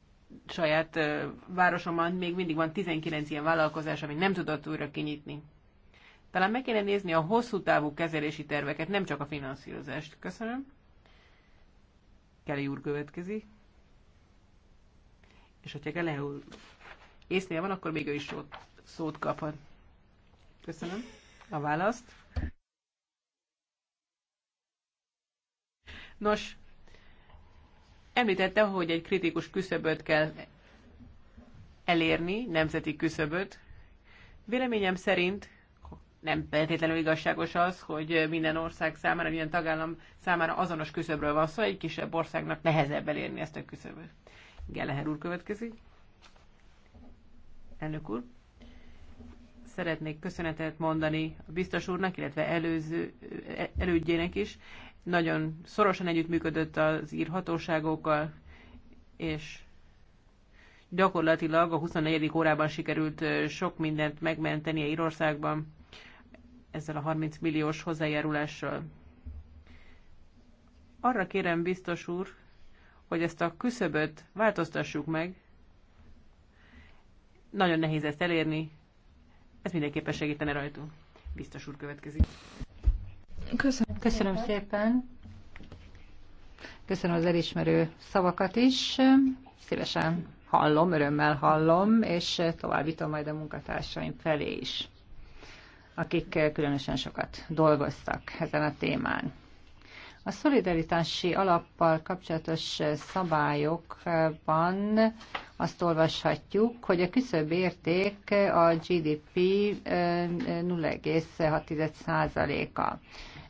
S1: saját városomban még mindig van 19 ilyen vállalkozás, amit nem tudott újra kinyitni. Talán meg kéne nézni a hosszú távú kezelési terveket, nem csak a finanszírozást. Köszönöm. Kelly úr következik. És hogyha Kelly úr észnél van, akkor még ő is szót, szót kaphat. Köszönöm a választ. Nos, Említette, hogy egy kritikus küszöböt kell elérni, nemzeti küszöböt. Véleményem szerint nem feltétlenül igazságos az, hogy minden ország számára, minden tagállam számára azonos küszöbről van szó, szóval egy kisebb országnak nehezebb elérni ezt a küszöböt. Geleher úr következik. Elnök úr. Szeretnék köszönetet mondani a biztos úrnak, illetve előző, elődjének is nagyon szorosan együttműködött az ír hatóságokkal, és gyakorlatilag a 24. órában sikerült sok mindent a Írországban ezzel a 30 milliós hozzájárulással. Arra kérem biztos úr, hogy ezt a küszöböt változtassuk meg. Nagyon nehéz ezt elérni, ez mindenképpen segítene rajtunk. Biztos úr következik. Köszönöm, Köszönöm
S3: szépen. Köszönöm az elismerő szavakat is. Szívesen hallom, örömmel hallom, és továbbítom majd a munkatársaim felé is, akik különösen sokat dolgoztak ezen a témán. A szolidaritási alappal kapcsolatos szabályokban azt olvashatjuk, hogy a küszöbb érték a GDP 0,6%-a. Eh,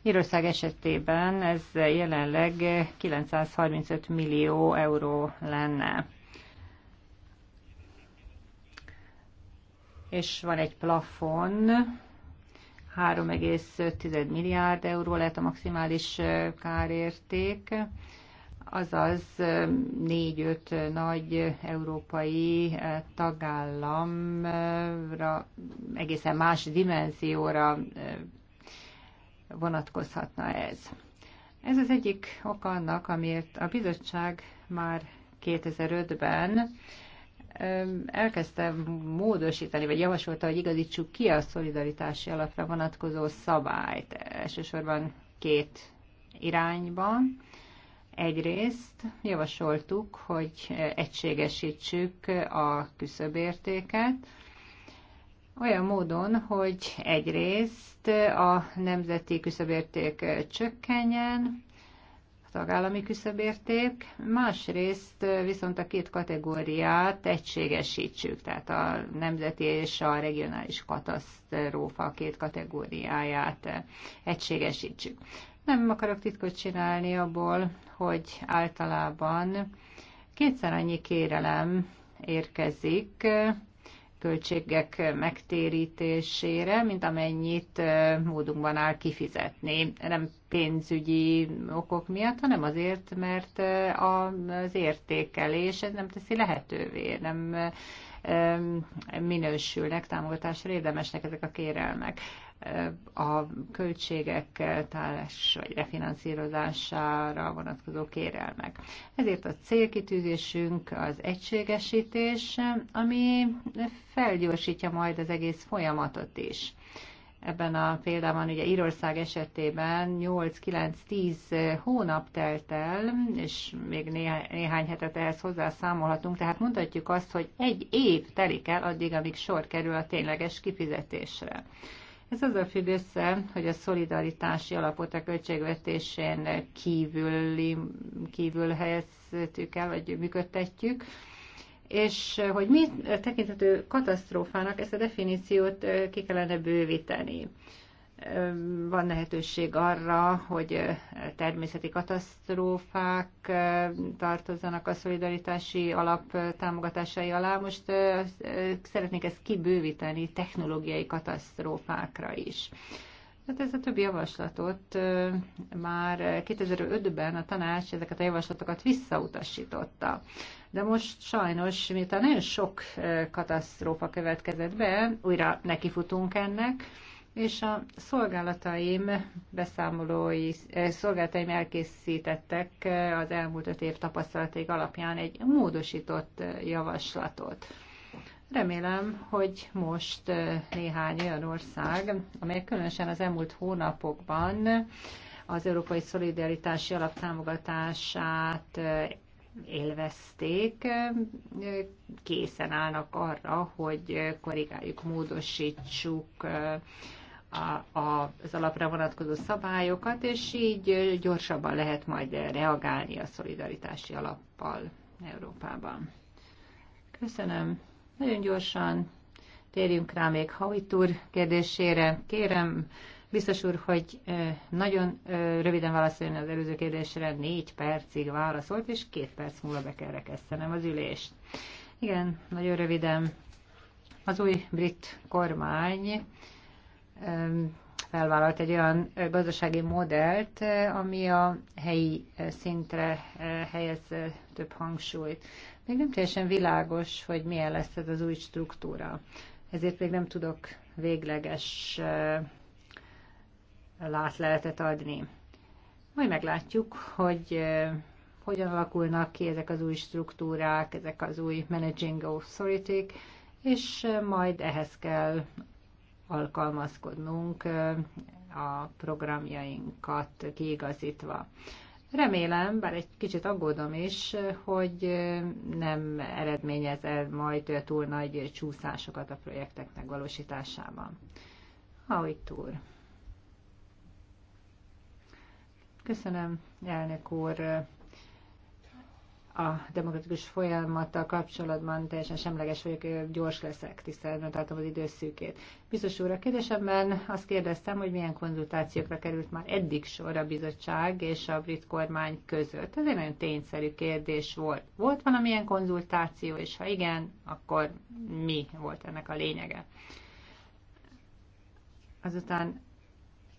S3: Írország esetében ez jelenleg 935 millió euró lenne. És van egy plafon, 3,5 milliárd euró lehet a maximális kárérték, azaz 4-5 nagy európai tagállamra egészen más dimenzióra vonatkozhatna ez. Ez az egyik oka annak, amiért a bizottság már 2005-ben elkezdte módosítani, vagy javasolta, hogy igazítsuk ki a szolidaritási alapra vonatkozó szabályt. Elsősorban két irányban. Egyrészt javasoltuk, hogy egységesítsük a küszöbértéket, olyan módon, hogy egyrészt a nemzeti küszöbérték csökkenjen, a tagállami küszöbérték, másrészt viszont a két kategóriát egységesítsük, tehát a nemzeti és a regionális katasztrófa két kategóriáját egységesítsük. Nem akarok titkot csinálni abból, hogy általában kétszer annyi kérelem érkezik költségek megtérítésére, mint amennyit módunkban áll kifizetni. Nem pénzügyi okok miatt, hanem azért, mert az értékelés ez nem teszi lehetővé, nem minősülnek, támogatásra érdemesnek ezek a kérelmek a költségek tálás vagy refinanszírozására vonatkozó kérelmek. Ezért a célkitűzésünk az egységesítés, ami felgyorsítja majd az egész folyamatot is. Ebben a példában ugye Írország esetében 8-9-10 hónap telt el, és még néhány, néhány hetet ehhez hozzászámolhatunk, tehát mondhatjuk azt, hogy egy év telik el addig, amíg sor kerül a tényleges kifizetésre. Ez azzal függ össze, hogy a szolidaritási alapot a költségvetésén kívül, kívül helyeztük el, vagy működtetjük, és hogy mi tekinthető katasztrófának, ezt a definíciót ki kellene bővíteni van lehetőség arra, hogy természeti katasztrófák tartozzanak a szolidaritási alap támogatásai alá. Most szeretnék ezt kibővíteni technológiai katasztrófákra is. Hát ez a többi javaslatot már 2005-ben a tanács ezeket a javaslatokat visszautasította. De most sajnos, miután nagyon sok katasztrófa következett be, újra nekifutunk ennek, és a szolgálataim beszámolói, eh, szolgálataim elkészítettek eh, az elmúlt öt év tapasztalataik alapján egy módosított eh, javaslatot. Remélem, hogy most néhány olyan ország, amely különösen az elmúlt hónapokban az Európai Szolidaritási Alap támogatását élvezték, készen állnak arra, hogy korrigáljuk, módosítsuk az alapra vonatkozó szabályokat, és így gyorsabban lehet majd reagálni a szolidaritási alappal Európában. Köszönöm. Nagyon gyorsan térjünk rá még Havit kérdésére. Kérem, biztos úr, hogy nagyon röviden válaszoljon az előző kérdésre, négy percig válaszolt, és két perc múlva be kell rekesztenem az ülést. Igen, nagyon röviden. Az új brit kormány felvállalt egy olyan gazdasági modellt, ami a helyi szintre helyez több hangsúlyt. Még nem teljesen világos, hogy milyen lesz ez az új struktúra. Ezért még nem tudok végleges látleletet adni. Majd meglátjuk, hogy hogyan alakulnak ki ezek az új struktúrák, ezek az új managing authority és majd ehhez kell alkalmazkodnunk a programjainkat kiigazítva. Remélem, bár egy kicsit aggódom is, hogy nem eredményez el majd túl nagy csúszásokat a projektek megvalósításában. Ahogy túl. Köszönöm, elnök úr a demokratikus folyamattal kapcsolatban teljesen semleges vagyok, gyors leszek, tiszteletben tartom az időszűkét. Biztos úr, a kérdésemben azt kérdeztem, hogy milyen konzultációkra került már eddig sor a bizottság és a brit kormány között. Ez egy nagyon tényszerű kérdés volt. Volt valamilyen konzultáció, és ha igen, akkor mi volt ennek a lényege? Azután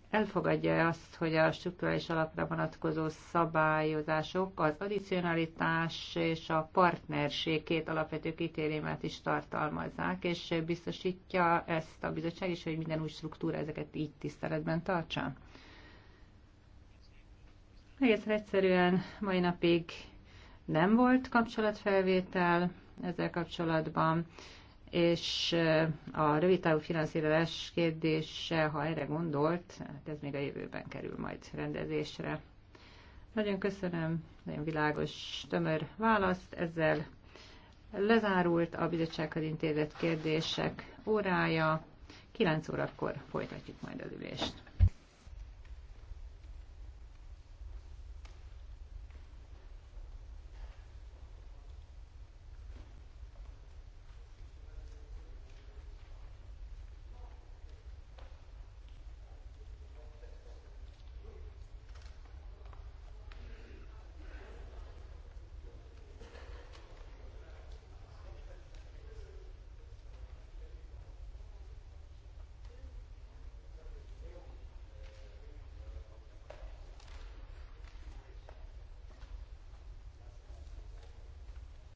S3: elfogadja e azt, hogy a struktúrális alapra vonatkozó szabályozások az addicionalitás és a partnerség két alapvető kritériumát is tartalmazzák, és biztosítja ezt a bizottság is, hogy minden új struktúra ezeket így tiszteletben tartsa? Egészen egyszerűen mai napig nem volt kapcsolatfelvétel ezzel kapcsolatban és a távú finanszírozás kérdése, ha erre gondolt, hát ez még a jövőben kerül majd rendezésre. Nagyon köszönöm, nagyon világos, tömör választ. Ezzel lezárult a bizottsághoz intézett kérdések órája. 9 órakor folytatjuk majd az ülést.